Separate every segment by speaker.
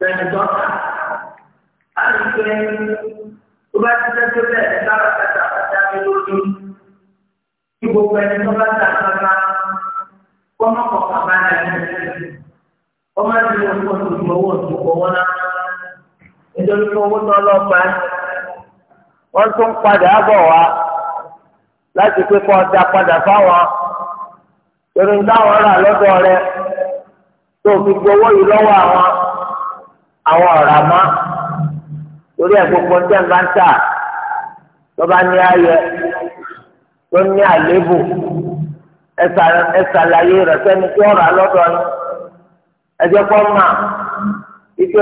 Speaker 1: sẹ́ni dọ́tà. a lè pe tó bá ti tẹ́tí bẹ́ẹ̀ ní bára kẹta àti abẹ́lódú kí gbogbo ẹni tó bá tà sábà kọ́mọkọ̀ọ̀kan bá dà ní ẹ̀sìn. ọmọ àti ìwé ọkọ̀ tó ju owó náà nítorí owó tó tún padà wá láti pé ọjà padà fáwọn torí rà rẹ tó fi gbowó yìí àwọn.
Speaker 2: àwọn ọ̀rá mọ́
Speaker 1: torí ẹ̀ gbogbo ń tẹ́ǹbà ń tà tó bá ní ayẹ tó ní àléébù ẹ ṣàlàyé rẹ̀ sẹ́ni tí ọ̀rá lọ́dọ̀ ni ẹ mà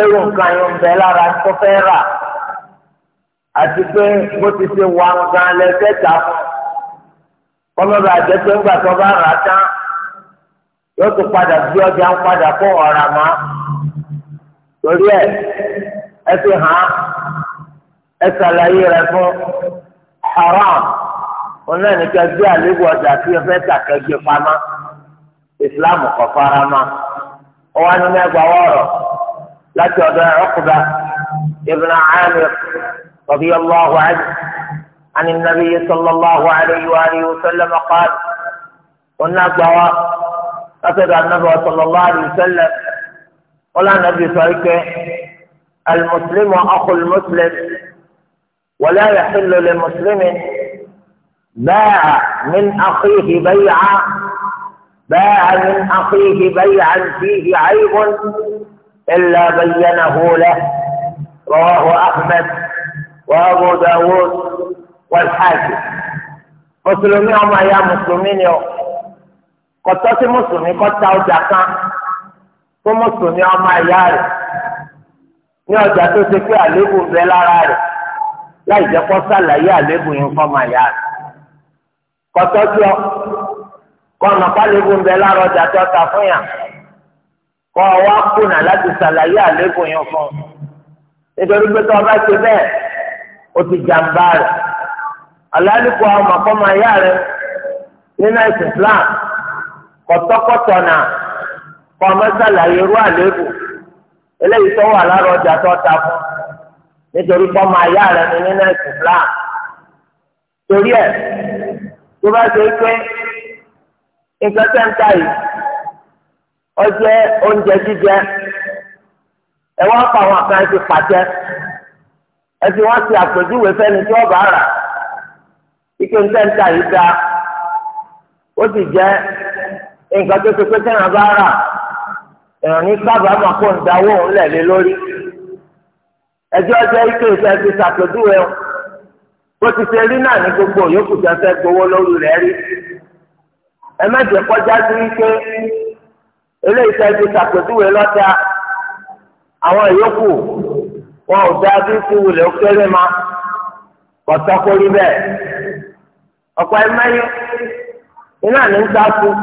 Speaker 1: irú nǹkan yóò lára tó fẹ́ rà àti pé bó ti ṣe wà nǹkan lẹ́sẹ̀ tà fún kọ́mọ́bà ńgbà tó bá rà tán yóò tún padà bí ọjà ń padà fún torí ẹ ẹ fi hàn án ẹ ṣàlàyé rẹ fún haram òun náà ní ká gbé àlébù ọjà tí ẹ fẹ́ tà kẹgbẹ pamọ́ ìsìláàmù kò fara ọ wá nínú ẹgbà wọrọ láti ọ̀dọ̀ Uqba ibn Amir radiyallahu anhu عن النبي صلى الله عليه وآله وسلم قال قلنا أقوى أسد النبي صلى الله عليه وسلم ولا نبي صلك المسلم أخو المسلم ولا يحل لمسلم باع من أخيه بيعا باع من أخيه بيعا فيه عيب إلا بينه له رواه أحمد وأبو داود والحاكم مسلمين وما يا مسلمين يوم قطة مسلمين قطة وجاكا fún ní ọmọ ìyá rẹ̀
Speaker 2: ní ọjà tó ṣe pé
Speaker 1: àléébù bẹ lára rẹ̀ láì jẹ́ kó sàlàyé àléébù yẹn fún ọmọ ìyá rẹ̀ kọ́tọ́jú ọ
Speaker 2: kọ́nà pálébù bẹ lára ọjà tó ta
Speaker 1: fún yàn kọ́ ọ wá kùnà láti sàlàyé àléébù yẹn fún nítorí pé tó o ṣe bẹ́ẹ̀
Speaker 2: o ti jàǹbá rẹ̀
Speaker 1: alálùkò ọmọ kọ́ ìyá nínú náà. kọ́ mọ́sálàyé irú àléébù eléyìí tó wà lára ọjà tó ta fún nítorí kọ́ máa yá rẹ̀ nínú ẹ̀sìn Islam torí ẹ̀ tó bá ṣe pé nǹkan tẹ́ ń ta yìí ó jẹ́ oúnjẹ jíjẹ ẹ wá pa àwọn kan ti pàtẹ ẹ wọ́n ti àpèjúwe fẹ́ni ike tẹ́ ń ta yìí ó èèyàn ní sábà máa kó ń dáwó òun lẹ̀lé lórí ẹjọ́ ọjọ́ ike ìfẹ́ ti ṣàpèjúwe o bó ti ṣe rí náà ní gbogbo yòókù tó fẹ́ gbowó lórí rẹ̀ rí ẹ mẹ́jẹ kọjá sí wípé eléyìí tẹ́ ti ṣàpèjúwe lọ́tà àwọn yòókù wọn ò dá bí ti wulẹ̀ ó kéré ma
Speaker 2: kọ̀tọ́ kórí bẹ́ẹ̀
Speaker 1: ọ̀pọ̀ ẹ mẹ́yìn
Speaker 2: iná ní ń sá fún un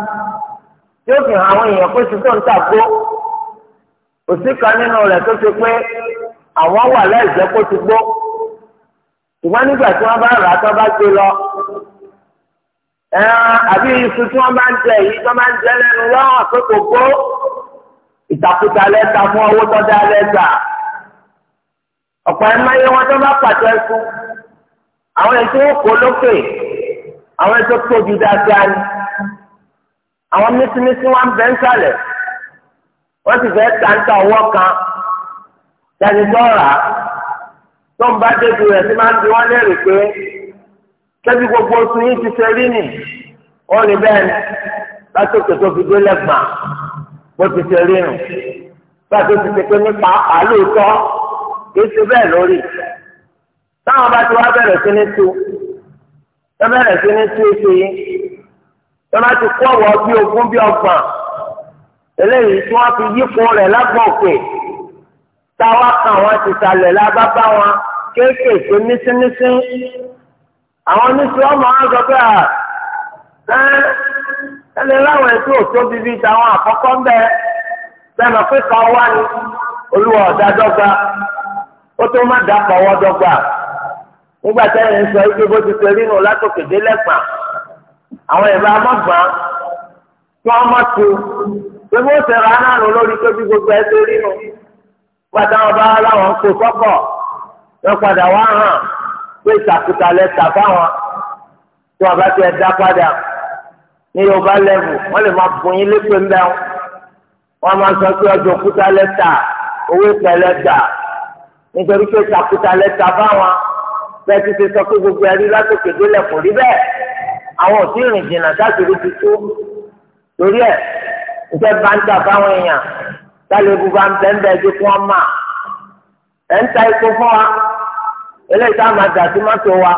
Speaker 2: yóò fi hàn àwọn èèyàn pé títọ́ ń tàkó
Speaker 1: òsì kan nínú rẹ̀ tó ti pé àwọn wà láìjẹ́ kó ti gbó ṣùgbọ́n nígbà tí wọ́n bá rà á tó bá gbé lọ àbí iṣu tí wọ́n bá ń jẹ èyí tó máa ń jẹ lẹ́nu lọ́wọ́ pé kò gbó ìtàkùtà lẹ́ta fún owó tó dá lẹ́ta ọ̀pọ̀ ẹ̀ máa yẹ wọn tó bá pàtẹ fún àwọn ètò òkò lókè àwọn ètò tóbi dáadáa ni àwọn mísímísí wọn bẹ ń sàlẹ̀ wọ́n sì fẹ́ tàǹtà ọwọ́ kan tani tọ́ra tó ń bá débi rẹ̀ sí máa ń bi wọ́n lérè pé kẹ́bí gbogbo oṣù yìí ti ṣe rí nì ó ní bẹ́ẹ̀ ni látòkè tó fi dé lẹ́gbàá bó ti ṣe rí nù
Speaker 2: bá tó ti ṣe pé nípa àlóòótọ́ kìí ṣe bẹ́ẹ̀ lórí
Speaker 1: táwọn bá ti wá bẹ̀rẹ̀ sí ní tu ẹ bẹ̀rẹ̀ sí ní tu ètò yìí tọ́lá ti kó ọ̀wọ́ bí ogún bí ọgbọ̀n eléyìí tí wọ́n fi yípo rẹ̀ lágbọ̀n òkè táwa kan wọn ti sàlẹ̀ lábábá wọn kéékèèké nísínísín àwọn oníṣẹ́ ọmọ wọn sọ pé à ẹni láwọn ètò òtóbi bíi táwọn àkọ́kọ́ ń bẹ sẹ́nu pípa wá ní olúwa ọ̀dà dọ́gba ó tó má dà pọ̀ wọ́n dọ́gba nígbà tẹ́yìn sọ ike bó ti ṣe rí nù látòkè délẹ́pàá àwọn ẹ̀rọ amọ́gbà tí wọ́n mọ̀ tó gbogbo ìṣẹ̀rọ anáàrùn lórí pé bí gbogbo ẹ tó rí
Speaker 2: nù pátá wọn bá láwọn kó
Speaker 1: sọ́kọ̀ wọ́n padà wá hàn pé ìtàkùtà lẹ́tà fáwọn tí wọ́n bá ti ẹ̀ dá padà ní yorùbá lẹ́bù wọ́n lè máa bùn yín lépè ńbẹ́ wọn wọ́n máa sọ pé ọjọ́ òkúta lẹ́tà owó pẹ̀lẹ́ gbà nítorí pé ìtàkùtà lẹ́tà fáwọn bẹ́ẹ̀ ti ti sọ pé gbogbo ẹ̀rí látòkè délẹ̀ kò rí bẹ́ẹ̀ àwọn ò tí ì rìn jìnnà sáàkiri ti tó torí ẹ̀ ìjẹ́ báńtà fáwọn èèyàn sálẹ̀bù bá ń bẹ́ńbẹ́ ẹjẹ́ fún wọn mà ẹ̀ ń ta epo fún wa eléyìí tá a máa dà sí mọ́tò wa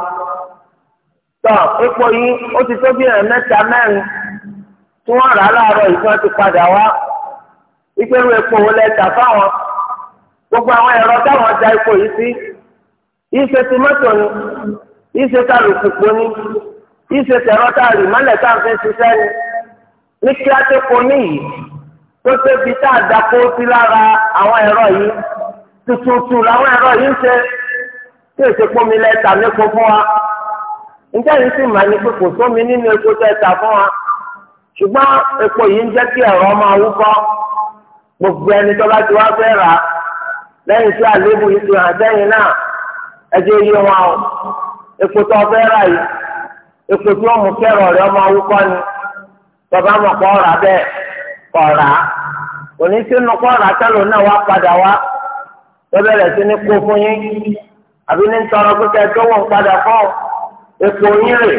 Speaker 1: tọ epo yìí ó ti tó bí ẹ̀ mẹ́ta mẹ́rin tí wọ́n rà á láàárọ̀ yìí tí wọ́n ti padà wá ìgbéró epo wọlé ẹ̀ta fáwọn gbogbo àwọn ẹ̀rọ táwọn da epo yìí sí yìí ṣe ti mọ́tò ni yìí ṣe kálukú pọ̀ ni. ìṣe tẹ̀rọ tá a rì mọ́lẹ̀ tá a fi ṣiṣẹ́ ni ní kí á tó kọ níyì tó tóbi tá a dàpọ̀ sí lára àwọn ẹ̀rọ yìí tututu làwọn ẹ̀rọ yìí ń ṣe tí èsì pomi lẹ́ta lẹ́kọ fún wa njẹ́ yìí sì máa ní sómi nínú epo tẹ́ta fún wa ṣùgbọ́n epo yìí ń jẹ́ kí ẹ̀rọ máa gbogbo ẹni tó bá ti wá fẹ́ rà lẹ́yìn tí àléébù yìí ti hàn sẹ́yìn náà wọn o epo epo tí wọn mú kẹrọ rẹ ọmọ ni tọba mọ kọ ọrà bẹ́ẹ̀ kọrà òní sínú náà wá padà wá lọbẹrẹ sí ní kó fún yín àbí ní tọrọ pípẹ tó wọn padà fọ epo yín rè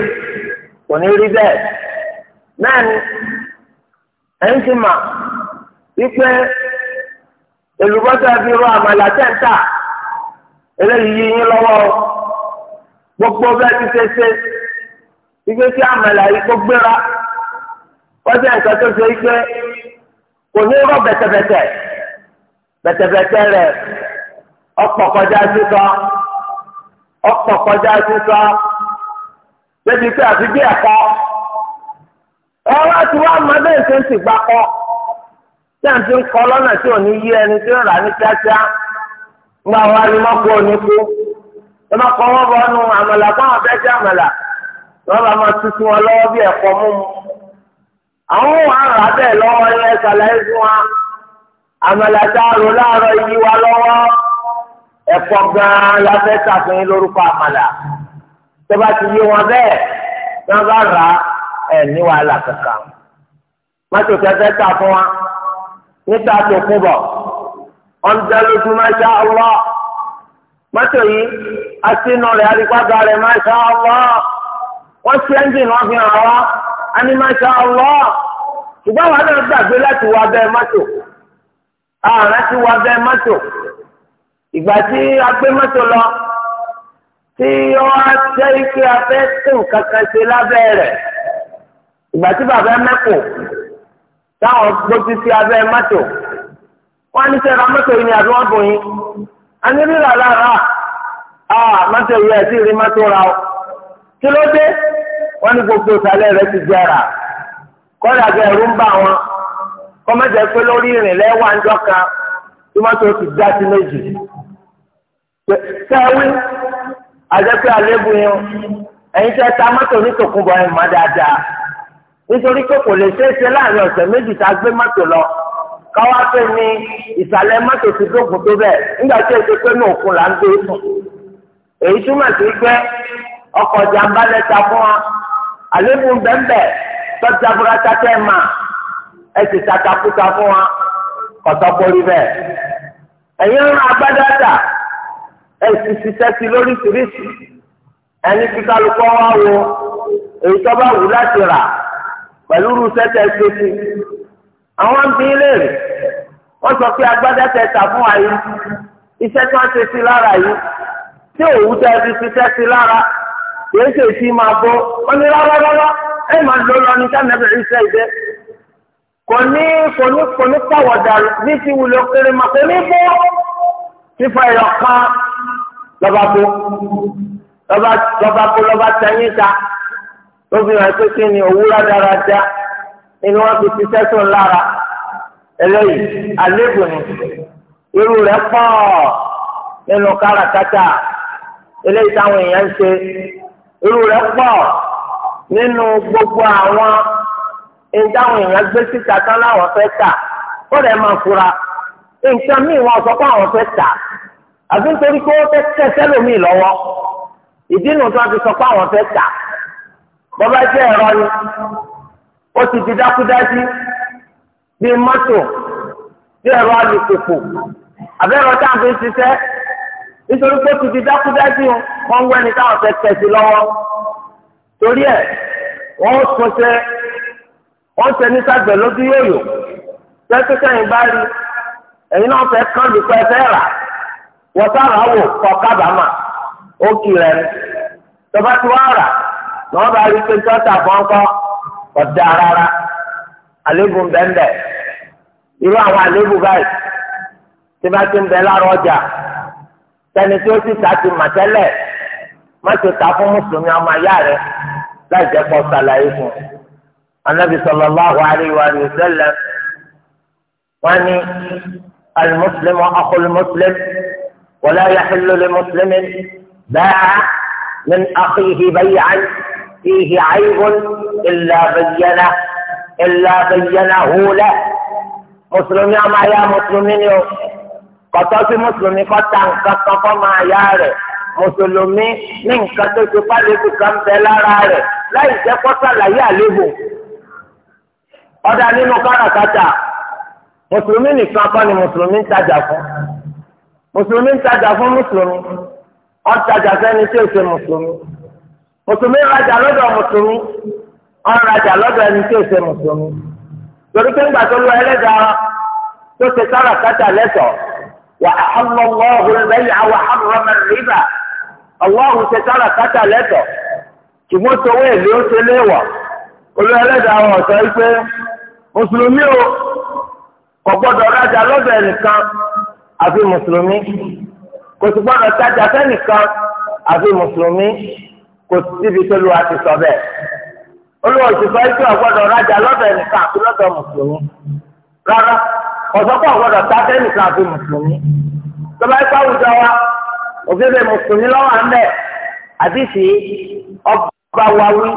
Speaker 1: kò ní rí náà ni ìgbé tí àmàlà yìí kó gbéra
Speaker 2: wọ́n jẹ́ ṣe pé
Speaker 1: kò ní rọ bẹ̀tẹ̀bẹ̀tẹ̀ bẹ̀tẹ̀bẹ̀tẹ̀ rẹ̀ ọ̀pọ̀ kọjá sísọ ọ̀pọ̀ kọjá sísọ débi pé àfi bí ẹ̀kọ́ ọ̀rọ̀ tí wọ́n máa bẹ́ẹ̀ ṣe ń sì gbà kọ́ tí à ń fi ń kọ́ lọ́nà tí ò ní wọ́n bá máa tutù wọn lọ́wọ́ bí ẹ̀kọ́ mú mu.
Speaker 2: àwọn wà rà bẹ́ẹ̀ lọ́wọ́ yẹn ṣàlàyé fún wa
Speaker 1: àmàlàdá àrò láàárọ̀ yí wa lọ́wọ́
Speaker 2: ẹ̀kọ́ gan-an la fẹ́
Speaker 1: ṣàfihàn lórúkọ àmàlà tó bá ti yé wọn bẹ́ẹ̀ wọ́n bá rà ẹ̀ ní wàhálà kankan. mọ́tò tẹ́tẹ́ tà fún wa níta tó kú bọ̀ ọ̀ndẹ́ lójú máa ṣá ọlọ́ mọ́tò yìí asínú rẹ̀ arípàgà rẹ̀ máa ṣá ọlọ́. wọ́n ti ẹ́ńjìn wọn fi hàn wá ṣùgbọ́n náà gbàgbé láti mọ́tò ààrẹ ti mọ́tò ìgbà tí a gbé mọ́tò lọ tí jẹ́ ike abẹ́ tó nǹkan kan ṣe lábẹ́ rẹ̀ ìgbà tí bàbá mẹ́kù táwọn gbójú sí abẹ́ mọ́tò wọ́n á ní sẹ́ra mọ́tò yìí ni àbí wọ́n yín a ní rírà lára ah, mọ́tò yìí kí ló dé wọ́n ní gbogbo ìsàlẹ̀ rẹ̀ ti jẹrà kọ́lá bẹ ẹ̀rú ń bà wọn kọ́mọ́jẹ́ pé lórí ìrìn lẹ́wà ńjọ́ kan tí wọ́n tó ti dá sí méjì sẹ́wí àjẹpẹ́ àlébù yẹn ẹ̀yin tẹ́ ta mọ́tò ẹ̀ mọ́ dáadáa nítorí pé kò a gbé mọ́tò lọ
Speaker 2: káwá pé ní
Speaker 1: ìsàlẹ̀ mọ́tò ti dógùn tó bẹ́ẹ̀ nígbà tí èsì pé ní òkun ọkọ̀ jàmbá lẹ́ta fún wa àlékún bẹ́ńbẹ́ tọ́jà burata tẹ́ ma ẹ sì takakuta fún wa kọ́tọ́kọ́rí bẹ́ẹ̀. ẹ̀yin ń agbádáta ẹ sì ṣiṣẹ́ sí lóríṣiríṣi
Speaker 2: ẹni tí kálukọ́ wá wo èyí tó bá wù láti rà
Speaker 1: pẹ̀lú rúṣẹ́ tẹ́ ṣe sí. àwọn ń bí léèrè wọ́n sọ pé agbádáta ẹ̀ta fún wa yìí iṣẹ́ tí wọ́n ṣe sí lára yìí tí òwú tẹ́ fi ṣiṣẹ́ sí lára kìí ṣe tí máa gbọ́ wọ́n ní rárárárá ẹ máa lọ lọ ní sànẹ́bẹ̀rẹ̀ iṣẹ́ ìjẹ́ kò ní kò ní kò ní pàwọ̀dà ní ti wùlọ kiri mà kò ní bọ́ fífa ẹ̀yọ̀ kan lọ́ba kó lọ́ba kó lọ́ba tẹ̀yìn ta lóbi hàn pé kí ni òwúrọ̀ dáradá inú wọn fi ti sẹ́sùn lára eléyìí àlébù ni irú rẹ̀ pọ̀ nínú káràkátà eléyìí táwọn èèyàn ń ṣe irú rẹ̀ pọ̀ nínú gbogbo àwọn ìdáhùn èèyàn gbé síta tán láwọn fẹ́ tà ó rẹ̀ máa fura nǹkan míì wọn sọ pé àwọn fẹ́ tà àti nítorí pé ó fẹ́ tẹ̀ sẹ́lòmíì lọ́wọ́ ìdí nu tó a ti sọ pé àwọn fẹ́ tà bọ́bá jẹ́ ẹ̀rọ ni ó ti di dákúdájú bíi mọ́tò bíi ẹ̀rọ alùpùpù àbẹ́rẹ́ ọ̀tá àbí ṣiṣẹ́ nítorí pé ó ti di dákúdájú o. wọ́n wẹ́ ní táwọn fẹ́ tẹ̀sí lọ́wọ́ torí ẹ̀ wọ́n sọ̀tẹ́ wọ́n tẹ ní sàgbẹ̀ lójú yóyò tẹ́tí sẹ́yìn bá rí ẹ̀yin náà fẹ́ kán lùkọ́ ẹ fẹ́ rà wọ́n sára wò kọ́ kábàámà ó kì rẹ̀ ní tọ́ba tí wọ́n rà bá rí pé fọ́nkọ́ ọ̀dà rárá àlébù bẹ́ńbẹ́ irú má ṣe ta fún mùsùlùmí ọmọ ayá rẹ lájẹ́ jẹ́ pọ̀ ṣàlàyé fún un. anabi sallallahu àríwá rẹ̀ sẹ́lẹ̀ wọ́n ní alimuslimu akulumuslim wala yaxillu limuslimin baa min akhihi bay'an fihi caybun illa bayyana illa bayyana huula mùsùlùmí ọmọ ayá mùsùlùmí ni o kọtọ sí mùsùlùmí kọta nǹkan kan fọmọ ayá rẹ. mùsùlùmí ní nǹkan tó ti pálébù kan bẹ lára rẹ̀ láì jẹ́ kó sàlàyé àlébù ọ̀dà nínú káràkátà mùsùlùmí nìkan kọ́ ni mùsùlùmí ń tajà fún mùsùlùmí ń tajà fún mùsùlùmí ó ń tajà fẹ́ni tí ò ṣe mùsùlùmí mùsùlùmí rajà lọ́dọ̀ mùsùlùmí ó lọ́dọ̀ ẹni tí ò ṣe mùsùlùmí torí pé ńgbà tó lọ ẹlẹ́dàá tó ṣe káràkátà lẹ́tọ̀ọ́ wà á lọ́wọ́ ọ̀hún lẹ́yìn àwọn àmọ́ Allahu ṣe káràkátà lẹ́tọ̀ ṣùgbọ́n tọwọ́ èlé ó ṣe léèwọ̀ olóyè ẹlẹ́dàá àwọn ọ̀sẹ̀ wípé mùsùlùmí o kò gbọ́dọ̀ rájà lọ́dọ̀ ẹnìkan àfi mùsùlùmí kò sì gbọ́dọ̀ tajà fẹ́nìkan àfi mùsùlùmí kò síbi tó lu àti sọ bẹ́ẹ̀ olóyè ti sọ wípé ọ̀gbọ́dọ̀ rájà lọ́dọ̀ ẹnìkan àfi lọ́dọ̀ mùsùlùmí rárá ọ̀sọ́kọ̀ ọ̀gbọ́dọ̀ ta fẹ́nìkan àfi mùsùlùmí tọ́ba ẹ̀ka àwùjọ wa ògèdè mùsùlùmí lọ́wọ́ àmbẹ̀ àdìsí ọba wa wí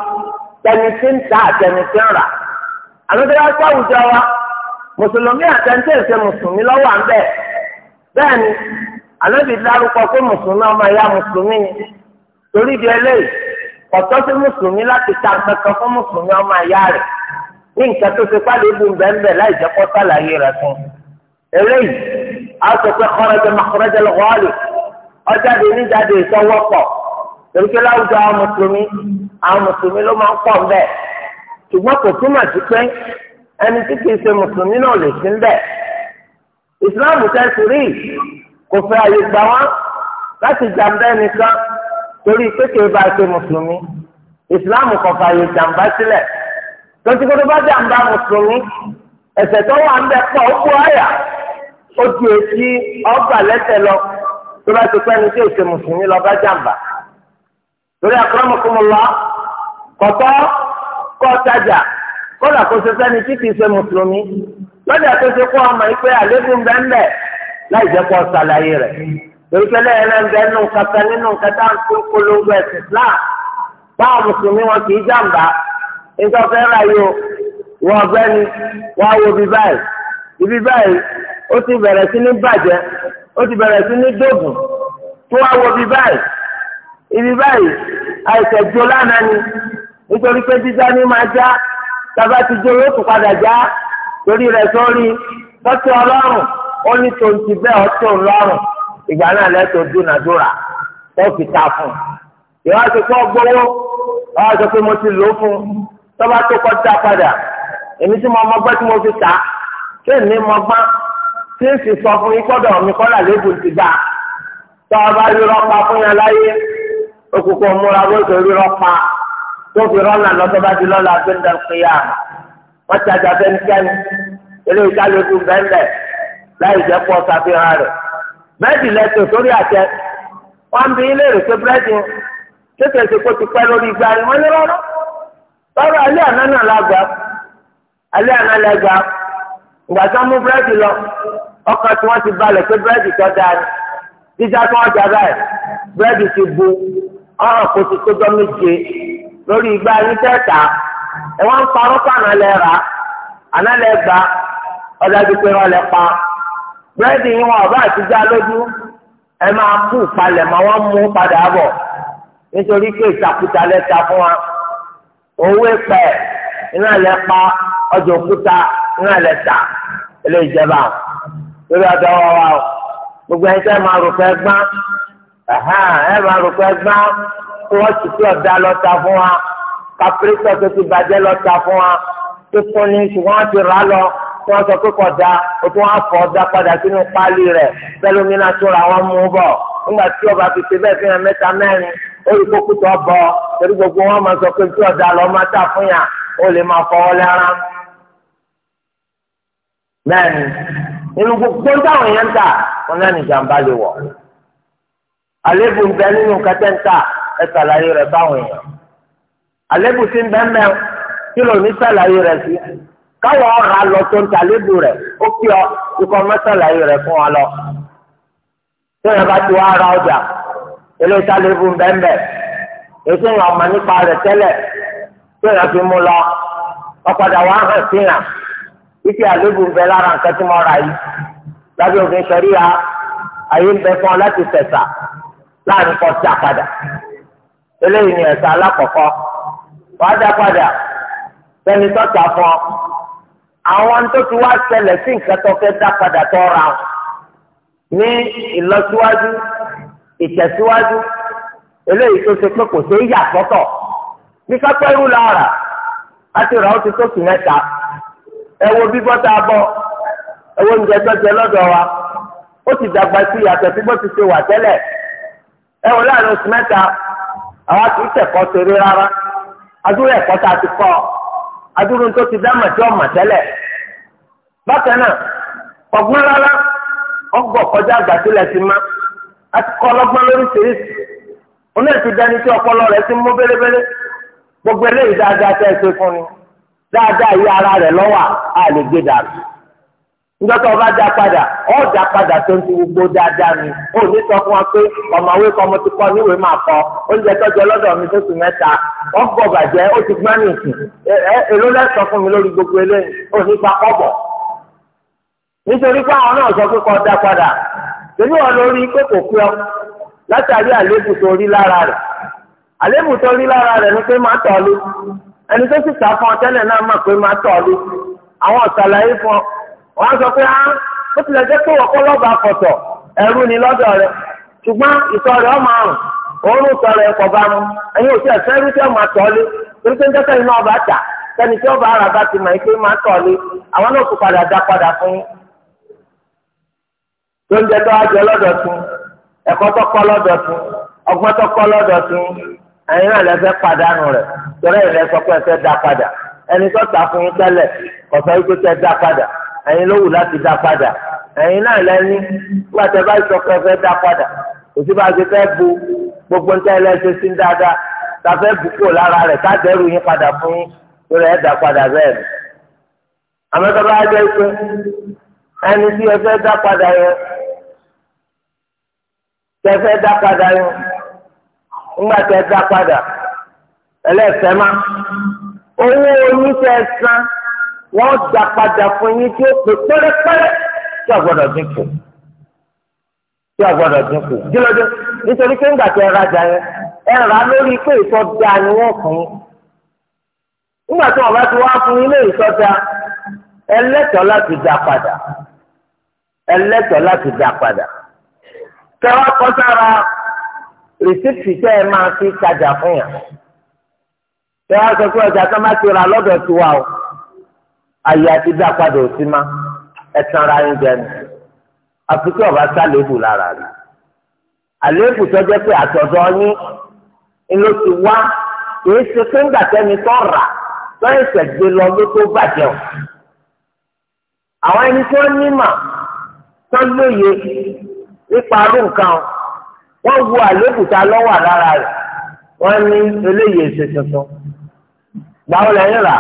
Speaker 1: tẹni tí ń ta àtẹni tí ń rà àlùdíwá sí àwùjọ wa mùsùlùmí àtẹni tí ń ṣe mùsùlùmí lọ́wọ́ àmbẹ̀ bẹ́ẹ̀ ni dárúkọ pé mùsùlùmí ọmọ ìyá mùsùlùmí ni torí di eléyìí kọ̀tọ́ sí mùsùlùmí láti ta nǹkan fún mùsùlùmí ọmọ ìyá rẹ̀ ní nǹkan tó ṣe pálí ibu bẹ́ẹ̀ láì ọjáde níjáde ìsọwọ́pọ̀ torí pé láwùjọ àwọn mùsùlùmí àwọn mùsùlùmí ló máa ń pọ̀ ńbẹ̀ ṣùgbọ́n kò túmọ̀ sí pé ẹni tí kìí ṣe mùsùlùmí náà lè sí ńbẹ̀ ìsìláàmù tẹ́sí rí kò fẹ́ àyè gbà wọ́n láti jàǹbá ẹnìkan torí pé kìí bá ṣe mùsùlùmí ìsìláàmù kò fẹ́ àyè jàǹbá sílẹ̀ lọ́sí kó tó bá jàǹbá mùsùlùmí ẹ̀ṣẹ̀ tó wà ńbẹ̀ pọ̀ ó kú àyà ó di èsì ọgbà lẹ́sẹ̀ lọ tó bá ti pẹ́ ní tí èsè mùsùlùmí lọ bá jàǹbá torí akramakumullah kọ̀tọ́ kọ́ tajà kọ́là kó ṣe sẹ́ni tí kìí ṣe mùsùlùmí lọ́jà tó ṣe kó ọmọ yìí pé àlékún bẹ́ńbẹ́ láì jẹ́ kó ṣàlàyé rẹ̀ torí pé lẹ́yìn náà ń bẹ nínú kàtà nínú kàtà ń tún polongo ẹ̀sìn Islam báwọn mùsùlùmí wọn kì í jàǹbá nígbà fẹ́ ra yìí o wọn ọ̀gbẹ́ni wọn á wo ibi báyìí ibi báyìí o ti bẹ̀rẹ̀ sí ní dógùn tó wá wọ biba báyìí ibi báyìí àìsàn jó lánàá ni nítorí pé jíjá ní máa já tàbá ti jó yóò tún padà já torí rẹ̀ ọlọ́run ó ní ti bẹ́ẹ̀ ọtí òun ìgbà náà lẹ́tọ̀ọ́ ti gbowó sọ pé mo ti lò ó fún un tọ́ba tó kọjá tí ó sì sọ fún ikọ́dọ̀ mi kọ́là lébùn ti gbà tó a bá rí rọ́pa fún yẹn láyé òkùnkùn múra bó ṣe rí rọ́pa tó fi rọ́nà lọ́tọ́ bá di lọ́la tó ń dẹ̀ kéya wọ́n ti àjà fẹ́nikẹ́ni láì jẹ́ rẹ̀ bẹ́ẹ̀dì lẹ́tọ̀ sórí àtẹ wọ́n ń bi ilé Ọkọ tí wọ́n ti balẹ̀ pé búrẹ́dì tó dáa ni jíjá tí wọ́n jà báyìí búrẹ́dì ti bu ọrọ̀ kò tó dán méje lórí igbá yín tẹ́ẹ̀ta ẹ wọ́n ń parọ́ fún ànálẹ́ rà ànálẹ́ ọjà lẹ pa búrẹ́dì yín wọn lójú ẹ máa kú palẹ̀ mọ́ wọ́n mú padà bọ̀ nítorí pé lẹ́ta fún wa owó ìpẹ́ pa lórí àdáwà wa o gbogbo ẹni tẹ́ máa rògbò ẹgbọ́n ẹ máa rògbò ẹgbọ́n tí wọ́n ti fi ọ̀dà lọ́ta fún wa kápẹ́rẹ́tọ̀ tó ti bàjẹ́ lọ́ta fún wa tó fún ni ṣùgbọ́n wọ́n ti rà á lọ tí wọ́n sọ pé kọ̀dà o tún wá fọ̀ ọ̀dà padà sínú páálí rẹ̀ pẹ́lúmínà tó ra wọn mú bọ̀ nígbà tí ọba fi ṣe bẹ́ẹ̀ fi hàn mẹ́ta mẹ́rin ó rí kókó tó bọ̀ torí gbogbo wọn máa sọ pé tí ọ̀dà lọ́ máa tà fún yà ó lè máa fọwọ́ lára nínú gbogbo táwọn èèyàn ń tà wọn náà ní jàǹbá lè wọ̀ àlébù ń bẹ nínú kẹtẹ́ ń tà ẹ sàlàyé rẹ báwọn èèyàn àlébù ti ń bẹ mẹ kí ló ní sàlàyé rẹ sí káwọn ọ̀rọ̀ àlọ tó ń tà rẹ ó kí ọ ikọ̀ mọ́ sàlàyé rẹ fún ọ lọ tí wọn bá ti wá ra ọjà eléyìí sàlébù ń bẹ mẹ èso ìwà ọmọ nípa rẹ tẹ́lẹ̀ tí wọn fi mú lọ ọ̀padà wípé àlébù ń bẹ lára nǹkan tí mo rà yìí lábẹ́ òfin ṣẹ̀ríya àyè ń bẹ fún ọ láti tẹ̀sà láàrin a eléyìí ni ẹ̀sà alákọ̀ọ́kọ́ wàá dá padà sẹ́ni tọ́ta fún ọ àwọn tó ti wá ṣẹlẹ̀ sí nǹkan tó fẹ́ dá padà tó ra ọ ní ìlọsíwájú ìtẹ̀síwájú eléyìí tó ṣe pé kò ṣe é yà sọ́tọ̀ ní kápẹ́rù lára àti
Speaker 2: ẹ wo bíbọ́ tá a bọ̀ ẹ wo wa
Speaker 1: ó ti dàgbà sí yàtọ̀ sí bó ti ṣe wà tẹ́lẹ̀ ẹ láàrin oṣù mẹ́ta àwa kì í tẹ̀kọ́ ṣeré rárá adúrú ẹ̀kọ́ tá ti kọ́ adúrú tó ti dá màjọ́ mà tẹ́lẹ̀ bákan náà ọ̀gbọ́n rárá kọjá àgbàsílẹ̀ ti má a ti kọ́ ọlọ́gbọ́n lóríṣiríṣi dání tí ọpọlọ rẹ̀ ti mú gbogbo eléyìí dáadáa tẹ́ ẹ ṣe dáadáa yí ara rẹ̀ lọ́wọ́ a lè gbé dànù njọ́tọ̀ ọba dá padà ọ̀dà padà tó ń ti gbogbo dáadáa mi o ní sọ fún wa pé ọ̀mọ̀wé kan mo ti kọ́ níwèé máa kọ́ oúnjẹ tọ́jú ọlọ́dọ̀ mi tó mẹ́ta wọ́n bàjẹ́ ní èrò mi gbogbo eléyìí o ní pa kọ́bọ̀ nítorí pé àwọn náà padà lórí pé kò ọ látàrí tó rí lára rẹ̀ àléébù tó rí lára rẹ̀ ẹni tó sì ta fún ọ tẹ́lẹ̀ náà mọ̀ pé máa tọ̀ lé àwọn ọ̀sàlàyé fún ọ wọ́n sọ pé á ah, ó tilẹ̀ jẹ́ pé lọ́ba ẹ̀rú ni lọ́dọ̀ rẹ ṣùgbọ́n ọmọ àrùn òórùn tọ̀ rẹ̀ kọ̀ bá mu ẹ̀yin òsì ẹ̀fẹ́ rí tẹ́ máa tọ̀ lé torí pé ń sẹ́yìn náà tà ẹ̀yin náà lẹ́fẹ́ padànù rẹ̀ torí ẹ̀yin lẹ́sọ pé ẹ̀fẹ́ dá padà ẹni tó ta fún yín tẹ́lẹ̀ kọ̀fẹ́ yín tó tẹ́ dá padà ẹ̀yin ló wù láti dá padà ẹ̀yin náà lẹ́ni nígbà tẹ́ sọ pé ẹ̀fẹ́ dá padà kò bá a ti fẹ́ bu gbogbo níta ẹlẹ́sẹ̀ sí dáadáa ta fẹ́ bu kúrò lára rẹ̀ ká dẹ́rù yín padà fún yín torí ẹ̀ dá padà bẹ́ẹ̀ ni àmọ́ tó bá jẹ́ pé ẹni tí ẹ dá padà yẹn tẹ́ dá padà yẹn. ńgbà tẹ dá padà ẹlẹ́fẹ̀ẹ́ má owó oníṣẹ́ san wọ́n dá fún yín tí ó pè pẹ́rẹ́pẹ́rẹ́ tí a gbọ́dọ̀ dín kù tí a gbọ́dọ̀ dín kù nítorí pé ńgbà tẹ rajà yẹn ẹ rà lórí pé ìtọ́jà ni wọ́n fún yín tí wọ́n bá ti wá fún yín lé ìtọ́jà ẹlẹ́tọ̀ọ́ láti dá padà ẹlẹ́tọ̀ọ́ rìsíptì tẹ́ ẹ máa fi tajà fún yàn tẹ́ wá sọ pé ọjà kan bá ti ra lọ́dọ̀ tiwa o ayé àti dá padà òsì má ẹ tan ara yín jẹ ni àfikún ọba sálébù lára rẹ àlébù tó jẹ́ pé àtọ̀dọ̀ yín ló ti wá kìí ṣe pé ńgbà tẹ́ni tó rà lọ́yìn ìṣẹ̀gbẹ́ lọ ló tó bàjẹ́ o àwọn ẹni tí wọ́n ní mà tó lóye nípa arú nǹkan o wọ́n wo àlékùtà lọ́wọ́ lára rẹ̀ wọ́n ní eléyìí èsè tuntun gbàwọ́ lẹ́yìn rà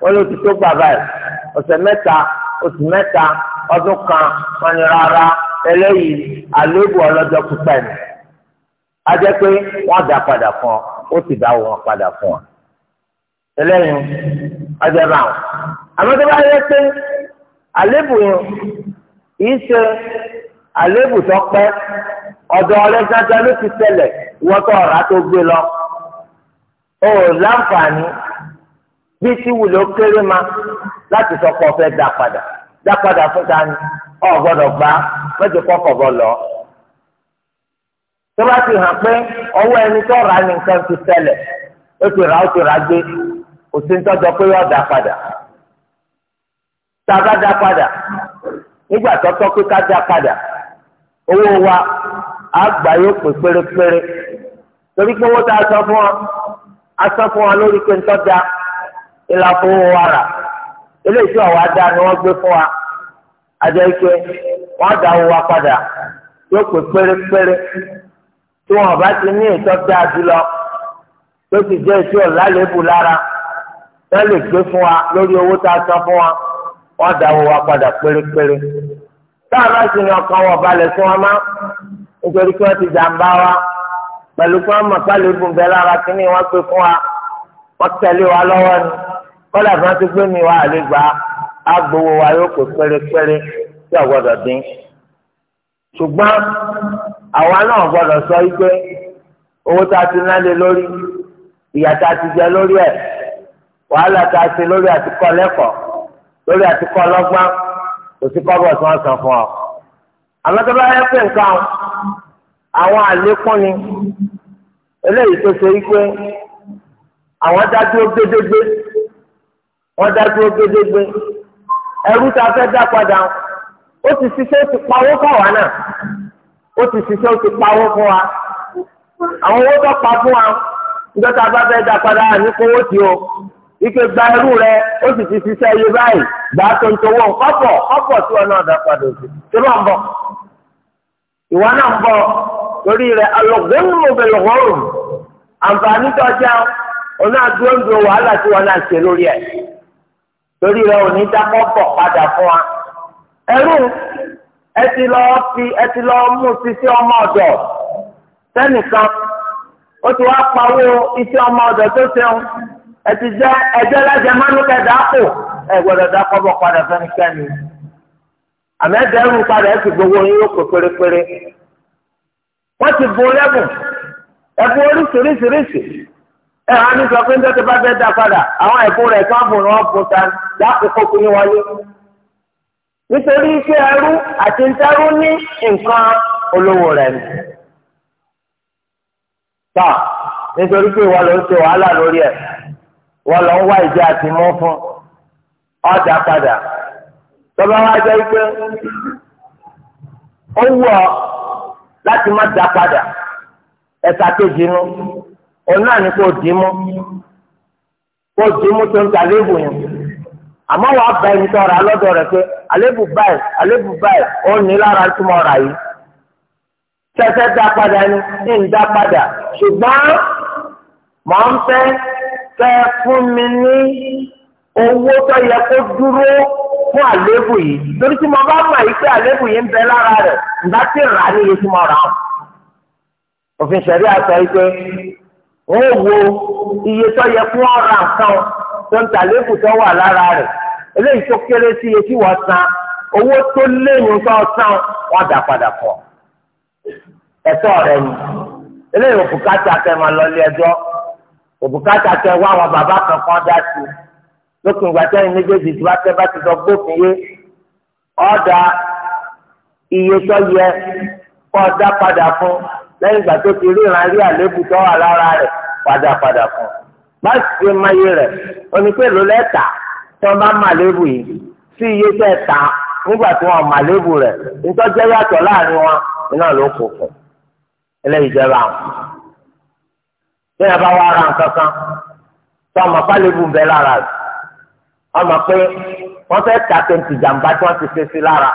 Speaker 1: wọ́n ló ti tó gbà báyìí ọ̀sẹ̀ mẹ́ta oṣù mẹ́ta ọdún kan wọ́n ní rárá eléyìí àlébù ọlọ́jọ́ pípẹ́ ni a jẹ́ pé wọ́n dá padà fún ọ ó sì dá wọn padà fún ọ eléyìí ọjọ́ bá wọn àmọ́ tó bá yẹ pé àlébù yìí ṣe àlébù tó pẹ́. ọ̀dọ̀ ọ̀rẹ́ gángan ló ti ṣẹlẹ̀ ìwọ́n tó ọ̀rá tó gbé lọ. o láǹfààní bí tí wùlò kéré ma láti sọ pé ọ̀fẹ́ dá padà dá padà fún dání ọ̀ gbọ́dọ̀ gbá mẹ́jọ kọ́kọ̀ bọ̀ lọ. tó bá ti hàn pé ọwọ́ ẹni tó ra ní nǹkan ti ṣẹlẹ̀ ó ti rà ó ti gbé
Speaker 2: a àgbà yóò pè
Speaker 1: pérépéré torí pé wọ́n tá a sọ fún wa a sọ fún wa lórí pé ńtọ́ da ìlà fowó wa rà eléyìí tí àwa dá ni wọ́n gbé fún wa àjẹ́ ike wọ́n á dá owó wa padà yóò pè pérépéré tí wọn bá ti ní ìtọ́ dáa tó sì jẹ́ ìtú ọ̀la lébù lára tó lè gbé fún wa lórí owó tá a san fún wa wọ́n dá wa padà pérépéré tá bá sì ní ọkàn wọn balẹ̀ fún wa máa nítorí kí wọ́n ti jàǹbá wa pẹ̀lú kí wọ́n mọ̀ pálí ibùn bẹ́ẹ̀ lára kínní wọ́n pè fún wa wọ́n tẹ̀lé wa lọ́wọ́ ni kọ́lá fún ti gbé mi wá àlè gbà á gbowó wa yóò pè pérépéré tí ò gbọ́dọ̀ dín. ṣùgbọ́n àwa náà gbọ́dọ̀ sọ wípé owó tá a ti ná lé lórí ìyà tá a ti jẹ lórí ẹ̀ wàhálà tá a ti lórí àtikọ́ lẹ́kọ̀ọ́ lórí àtikọ́ lọ́gbọ́n kò sí kọ́bọ̀ tí wọ́n san fún ọ àmọ́ tó bá yẹ pé nǹkan àwọn àlékún ni eléyìí tó ṣe wípé àwọn dájú ó gbédégbé wọ́n dájú ó gbédégbé ẹrú tá a fẹ́ dá padà ó ti ṣiṣẹ́ ó ti pawó fáwa náà ó ti ṣiṣẹ́ ó ti pawó fún wa
Speaker 2: àwọn owó tó pa fún wa
Speaker 1: nígbà tá a bá fẹ́ dá padà ní kówó tí o ike gba irú rẹ ó sì ti ṣiṣẹ́ iye báyìí gbà tó kọ́pọ̀ kọ́pọ̀ tí wọn náà dá padà sí tí wọ́n ń bọ̀ ìwọ náà ń bọ̀ torí rẹ alọ̀gbẹ́nùmọ̀ bẹ̀rẹ̀ wọ́rùn àǹfààní tó ọjà ọ̀nà àdúróńdúró wàhálà tí wọn náà ṣe lórí ẹ̀ torí rẹ ò ní dá kọ́pọ̀ padà fún wa ẹrú ẹ ti lọ fi ẹ ti lọ mú sisi ọmọ ọ̀dọ̀ sẹ́nìkan ó ti wá pawó iṣẹ́ ọmọ ọ̀dọ̀ tó ṣeun. ẹtì jẹ ẹjẹ lẹjẹ mọnú kẹdà kù ẹ gbọ́dọ̀ dá kọ́bọ̀ padà fẹ́nikẹ́ni àmì ẹdẹ ẹrù padà ẹsì gbogbo yín yóò kó pérépéré wọ́n ti bu lẹbùn ẹbùn oríṣiríṣiríṣi ẹ hàn ní sọ pé ń tẹ́tẹ́ bá fẹ́ dá padà àwọn ẹ̀bùn rẹ̀ kan bùn wọn bùn ta lákòókò kí ni wọlé nítorí iṣẹ́ ẹrú àti ntẹ́rú ní nǹkan olówó rẹ̀ ni nítorí pé ìwọ ló ń ṣe wàhálà lórí ẹ̀. wọ́n lọ wá ìdí àti mú fún ọjà padà tọ́ba wá jẹ́ pé ó wù láti má dá padà ẹ̀ka kejì nu òun náà kò dì mú kò dì mú tó ń ta léèbù yẹn àmọ́ wàá bá ẹni tó ra lọ́dọ̀ rẹ̀ pé àlébù báyìí àlébù báyìí ó ní lára yìí tẹ́tẹ́ dá padà ni ń dá padà ṣùgbọ́n kẹ́ fún mi ní owó tó yẹ kó dúró fún àléébù yìí torí tí mo bá mọ̀ yìí pé àléébù yìí ń lára rẹ nígbà tí n'ihe rà á tí mo rà á. òfin àṣà yìí pé wọ́n wo iye tó yẹ kan tó ń lára rẹ̀ eléyìí tó kéré sí iye tí wọ́n san owó tó léyìn tó san wọ́n dà padà pọ̀ ẹ̀tọ́ rẹ̀ ni eléyìí òkú òbúkátà tẹ wá àwọn bàbá kankan dá sí i lókun ìgbà tẹ́yìn méjèèjì tí wàá tẹ́ bá ti sọ gbófin yé ọ̀dà iye tó yẹ kọ́ dá padà fún lẹ́yìn ìgbà tó ti ríran rí àléébù tó wà lára rẹ̀ padà padà fún bá ṣe máyé rẹ̀ onípèlú lẹ́tà tí wọ́n bá mà léébù yìí sí iye tẹ́ ta nígbà tí wọ́n mà léébù rẹ̀ nítọ́jẹ́ yàtọ̀ láàrin wọn iná ló kò fún eléyìí jẹ́ báwọn. bẹ́ẹ̀ bá wá ra nǹkan kan tó ọmọ pálíbù ń bẹ lára rẹ̀ ọmọ pé wọ́n fẹ́ ta tẹ̀ǹtì jàǹbá tí wọ́n ti ṣe sí lára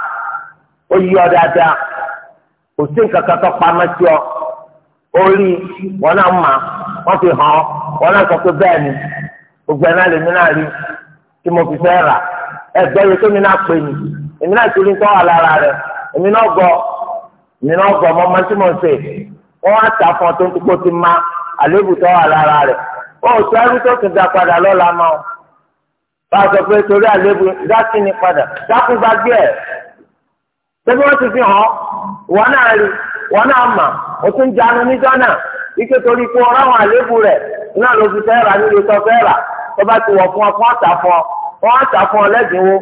Speaker 1: ó ọ dáadáa kò sí nǹkan kan tó pamọ́ sí ọ orí wọn náà mà wọ́n fi hàn ọ́ wọn náà sọ pé bẹ́ẹ̀ ni gbogbo ẹ̀ náà náà rí tí mo fi fẹ́ rà ẹgbẹ́ yìí náà pè èmi náà torí tó wà lára rẹ̀ èmi náà èmi náà ọmọ ọmọ tí mo ń ṣe ọ tó ń àlébù tó wà lára rẹ̀ ó sọ ẹrú tún dá padà lọ́la máa bá a sọ pé torí àlébù dákì ní padà dákú gbàgbé ẹ̀ tẹ́bí wọ́n ti fi hàn wọn náà rí wọn náà mà ó tún jánu níjọ́ náà ike torí pé ọ̀rọ̀ àwọn àlébù rẹ̀ náà ló fi fẹ́ rà nílé sọ fẹ́ rà tó bá ti wọ̀ fún ọ fún ọ̀tà fún ọ wọ́n á tà fún ọ lẹ́dínwó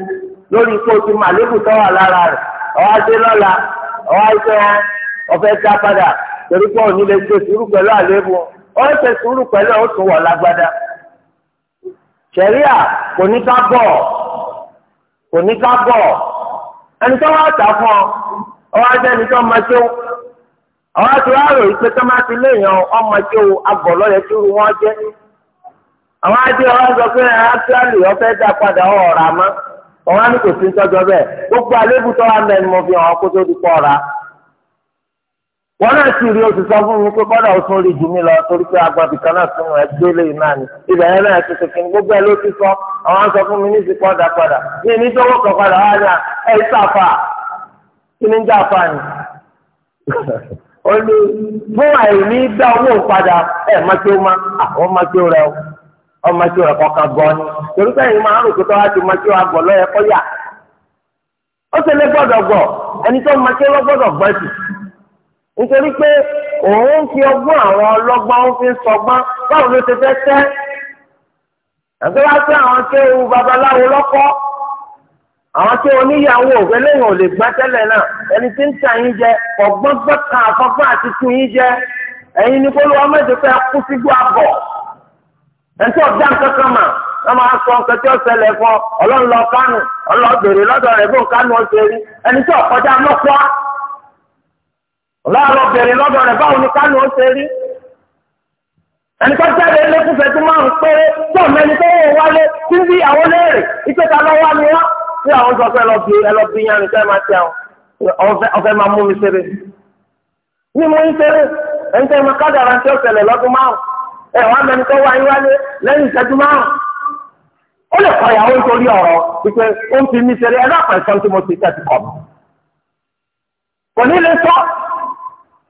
Speaker 1: lórí ikú ti màlébù tó wà lára rẹ̀ ọ̀wá dé lọ́la ọ̀wá iṣẹ́ ọ̀fẹ́ dá padà torí pé òní lè ṣe sùúrù pẹ̀lú àlébù ó ṣe sùúrù pẹ̀lú ó tún wọ̀ lágbádá ṣẹ̀ríà kò ní ká bọ̀ kò ní ká bọ̀ ẹni tó wá tà fún ọ ọwọ́ ajẹ́ ẹni tó máa ṣe ọwọ́ àti ọmọ ṣe o abọ̀ lọ́yẹ̀ tó rú wọn jẹ́ àwọn ajé ọwọ́ sọ pé dá padà ọ̀rà mọ́ ọwọ́ gbogbo àlébù tó wà mẹ́rin fi hàn wọn náà sì rí oṣù sọ fún mi pé kọ́dà ó tún rí jù mí lọ torí pé agbọ̀n bìkan náà tún wọn gbé lè náà ni ibẹ̀ yẹn náà ti gbogbo ẹ ló ti sọ àwọn sọ fún mi ní ti kọ́dà padà ní ní tó wọ́pọ̀ padà wá ní ẹ kí ni ń jà fà ni. ó ní fún àìní dá owó padà ẹ má má àwọn má nítorí pé òun fi ọgbọ́n àwọn ọlọ́gbọ́n ó fi sọgbọ́n báwo ló ṣe fẹ́ tẹ́ àti wá sí àwọn tí ewu babaláwo lọ́kọ́ àwọn tí oníyàwó ògbẹ́lẹ́yìn ò lè gbá tẹ́lẹ̀ náà ẹni tí ń ta yín jẹ ọgbọ́n gbọ́ta àfọ́fọ́ àti tu yín jẹ ẹ̀yin ni kólú ọmọdé fẹ́ kú sígbó àbọ̀ ẹ̀ńtí ọ̀dá kankan mà wọ́n máa sọ nǹkan tí ọlọ́run lọ kánù ọlọ́gbèrè lọ́dọ̀ rẹ̀ bó ọlọ́run bẹ̀rẹ̀ lọ́dọ̀ rẹ̀ báwo ni kánú ó ṣe rí ẹni tó jáde lẹ́kùnfẹ́ tó máa ń péré tó mẹ́ni tó wọ̀ wálé tí ń bí àwọn léèrè ìpè ta lọ́ wá ni wá tí àwọn sọ fẹ́ lọ bí ẹ lọ bí yánni fẹ́ máa ti àwọn ọ̀fẹ́ máa mú mi ṣeré ní mo ń ṣeré ẹni tẹ́ mo kádàrá tí ó ṣẹlẹ̀ lọ́dún márùn ẹ wá mẹ́ni tó wá iwájú lẹ́yìn ìṣẹ́jú márùn
Speaker 2: ó lè kọ ìyàwó nítorí ọ̀rọ̀
Speaker 1: wípé ó ń fi mi ṣeré ẹ náà pẹ̀sán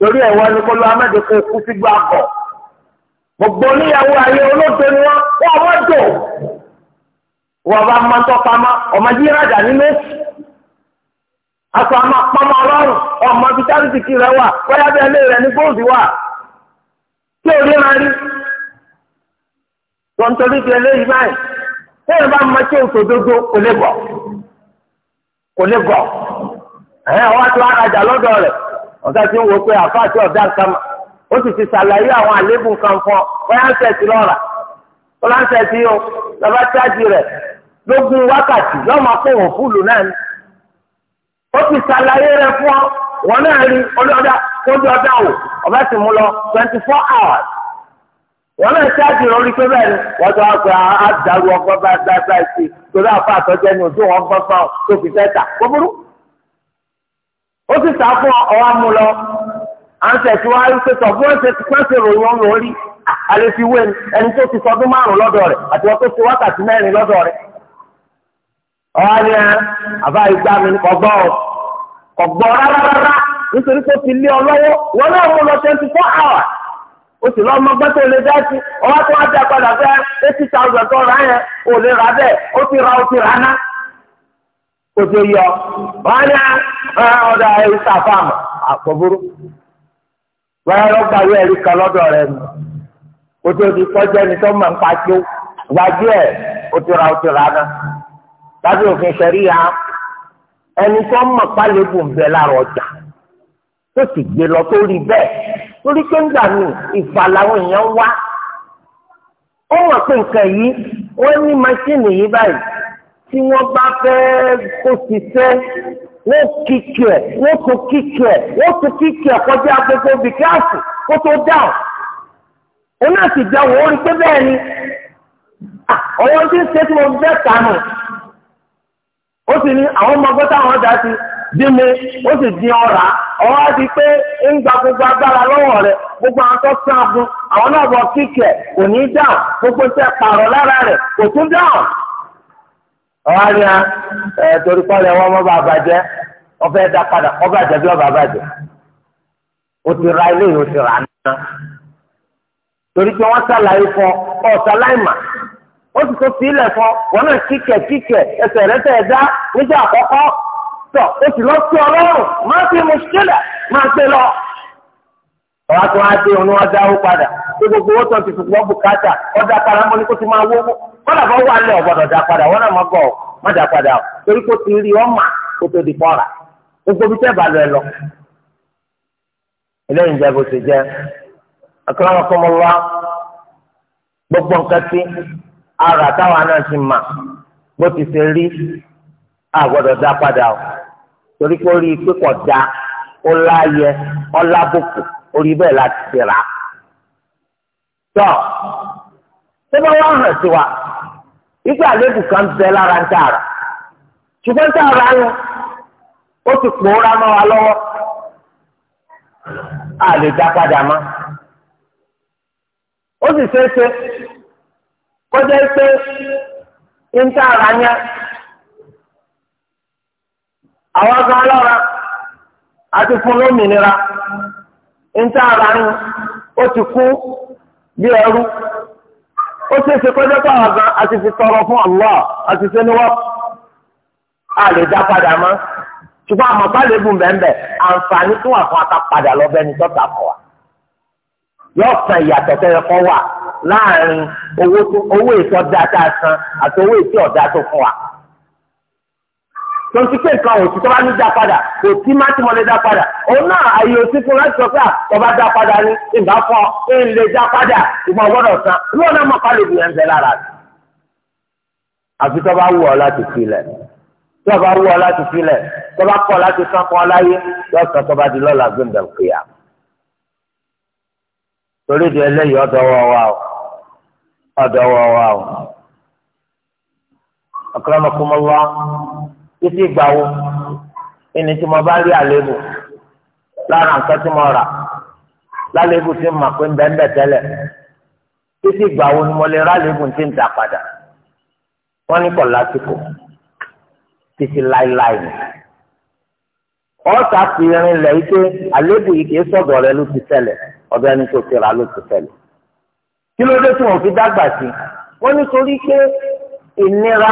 Speaker 1: torí ẹ̀wọ́ ni kọ́lọ́ amáde kò kú sí gbàgbọ́ gbogbo ni wọn wọn wọn wọn bá máa tọ́ pamọ́ ọmọ yìí rájà nínú aṣọ àmọ́ pamọ́ ọlọ́run ọmọ rẹ wà bóyá rẹ ní wà tí rí wọn torí báyìí bá máa ṣe òṣòdodo kò lè kò lè ẹ̀ wọ́n ọ̀gá tí ń wo pé àfa àti ọ̀dà kan ó sì ti ṣàlàyé àwọn àlébù kan fún ọ fọláńsẹ̀tì lọ́ra fọláńsẹ̀tì o lọ́ba chájì rẹ̀ lógún wákàtí lọ́mọ kó wọ́n fúlù náà ni ó ti ṣàlàyé rẹ̀ fún
Speaker 2: ọ wọn náà rí ọlọ́dà
Speaker 1: kójú ọdá o ọba sì mú lọ twenty four hours wọn náà ṣáàjì rẹ̀ orí pé bẹ́ẹ̀ ni wọ́n tó wá pé àdàrú ọgbọ́n bá dá báyìí sí torí àfa àtọ́jẹ́ ni òjò wọn gbọ́n fún ọ tó fi fẹ́ ó sì sá fún ọwọ́ mú lọ à ń tẹ̀síwájú pé sọ bí wọ́n ṣe pẹ́ ṣe ròyìn ọ̀rọ̀ orí àlefíwé ẹni tó ti sọdún márùn lọ́dọ̀ rẹ̀ àti wọn tó ti wákàtí mẹ́rin lọ́dọ̀ rẹ̀ ọwọ́ ni àbá ìgbà mi kò gbọ́ ọ kò gbọ́ rárá nítorí tó ti lé ọ lọ́wọ́ wọn náà mú lọ twenty four hours ó sì lọ́ọ́ mọgbẹ́ tó lè dá ọwọ́ tó wá jẹ́ padà fẹ́ eighty thousand tó rà yẹn ò lè rà bẹ́ẹ̀ ó ti ra ó ti rà náà kó tó yọ
Speaker 2: wọn ní ọdọ ẹrú
Speaker 1: sàfàmù àpòbúrú wọn lọ gba ìwé ẹrí kan lọ́dọ̀ rẹ̀ nù kó tó di kọjá ẹni tó máa ń pa tó wájú ẹ òtúra òtúra náà lábẹ́ òfin ṣẹríya ẹni tó mọ̀ pálébù ń bẹ lára ọjà tó sì gbé lọ tó rí bẹ́ẹ̀ torí pé nígbà míì ìfà làwọn èèyàn wá ó mọ̀ pé nǹkan yìí wọ́n ní máṣíìnì yìí báyìí. tí wọ́n bá fẹ́ kó ṣiṣẹ́ wọ́n kíkì ẹ̀ wọ́n tún kọjá gbogbo bìkẹ́ẹ̀sì kó tó dáhùn. òun náà sì dáhùn ó rí pé bẹ́ẹ̀ ni ọ̀wọ́n tí ń ṣe tí mo fẹ́ kà nù. ó sì ní àwọn ọmọ ọgbọ́n táwọn dá sí dínmú ó sì ọ̀rá ọ̀rá di pé ọ̀hún àrí à ẹ̀ torí pọ́lẹ̀ wọn mọ́ bàbá jẹ́ ọbẹ̀ ọba àbàjẹ́ o ti ra ilé o ti rà náà torí pé fún ọ ṣàlàyémà ó ti tó sílẹ̀ fún wọn náà kíkẹ̀ kíkẹ̀ ẹsẹ̀ rẹ tẹ̀ o sì lọ sí ọlọ́run má fi mú sílẹ̀ má lọ. ọ̀rọ̀ àti wọn á dé òun wọn dáwó padà pé gbogbo owó tán ti fi gbọ́ bùkátà ọ̀dà padà mọ́ ni kó ti máa wó kọ́dà bọ́ wà lẹ̀ ọ̀gbọ́dọ̀ dá padà wọn má dá padà o. torí kó ti rí ọmọ kó tó di pọ́ra gbogbo bí tẹ́ bá lọ ẹ lọ. eléyìí jẹ́ bó ti jẹ́ akọ́nàmọ́ kọ́ mọ́ gbogbo nǹkan ara táwa náà ti mà bó ti ṣe rí dá padà torí kó rí i orí bẹ́ẹ̀ láti ṣe rà. tọ́ tó bá wá hàn sí wa àlébù kan bẹ lára ń tààrà ṣùgbọ́n ń tààrà ó ti pòórá a lè dá padà mọ́ ó sì ṣeé ṣe kọjá pé ń tààrà yẹn àwọn kan níta ara ń ó ti kú bí ẹrú ó ṣe é ṣe kọjá fi tọrọ fún Allah àti ṣe a lè dá padà mọ ṣùgbọ́n àmọ́ bá lè bùn bẹ́ẹ̀ àǹfààní tún wà fún ata padà lọ bẹ́ẹ̀ tọ́ta fún wa yóò san ìyàtọ̀ tẹ́lẹ̀ kọ́ wà láàrin owó ètò ọ̀dà tó ń ti pé nǹkan òsì tó bá ní dá padà kò sí má tí mo lè dá padà òun náà àyè òsì fún láti sọ pé ọba dá padà ní ìgbà fọ ẹ ń lè dá padà ìgbà gbọ́dọ̀ san ìwọ náà mọ ká lè bìyà ń bẹ lára rẹ. àfi tó bá wù ọ láti filẹ̀ tó bá wù ọ láti filẹ̀ tó bá kọ̀ láti san kan láyé yóò sọ tó bá di lọ́la gbẹ̀ndẹ̀ kìyà. torí di eléyìí ọ̀dọ̀ wọ o ọ̀dọ̀ wọ wa títí gbà wo ẹni tí mo bá rí àléébù lára nǹkan tí mo rà láléébù tí mo pè ń bẹ́ẹ̀ bẹ́ẹ̀ tẹ́lẹ̀ títí gbà wo ni mo lè rà àléébù tí ń tà padà wọ́n ní kọ̀ lásìkò títí láéláé ni ọ̀ọ́ta fi irin lẹ̀ ike àléébù yìí kìí sọ̀dọ̀ rẹ ló ti ṣẹlẹ̀ ọ̀dọ̀ ẹni tó ti ló ti ṣẹlẹ̀ kí ló dé tí wọ́n fi dágbà sí wọ́n nítorí pé ìnira.